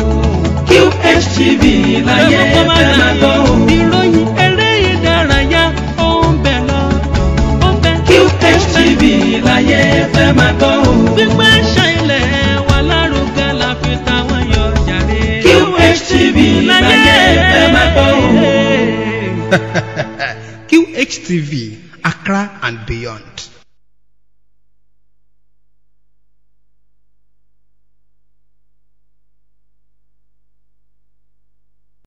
DSTV láyé fẹ́ máa gbọ́ o. ìròyìn eré ìdárayá ó ń bẹ̀ lọ ó bẹ̀ tó bẹ̀. QHTV láyé fẹ́ máa gbọ́ o. gbígbẹ́ ṣẹlẹ̀ wà lárugẹ la fi táwọn yọ jàre. QHTV láyé fẹ́ máa gbọ́ o. QHTV Accra and beyond.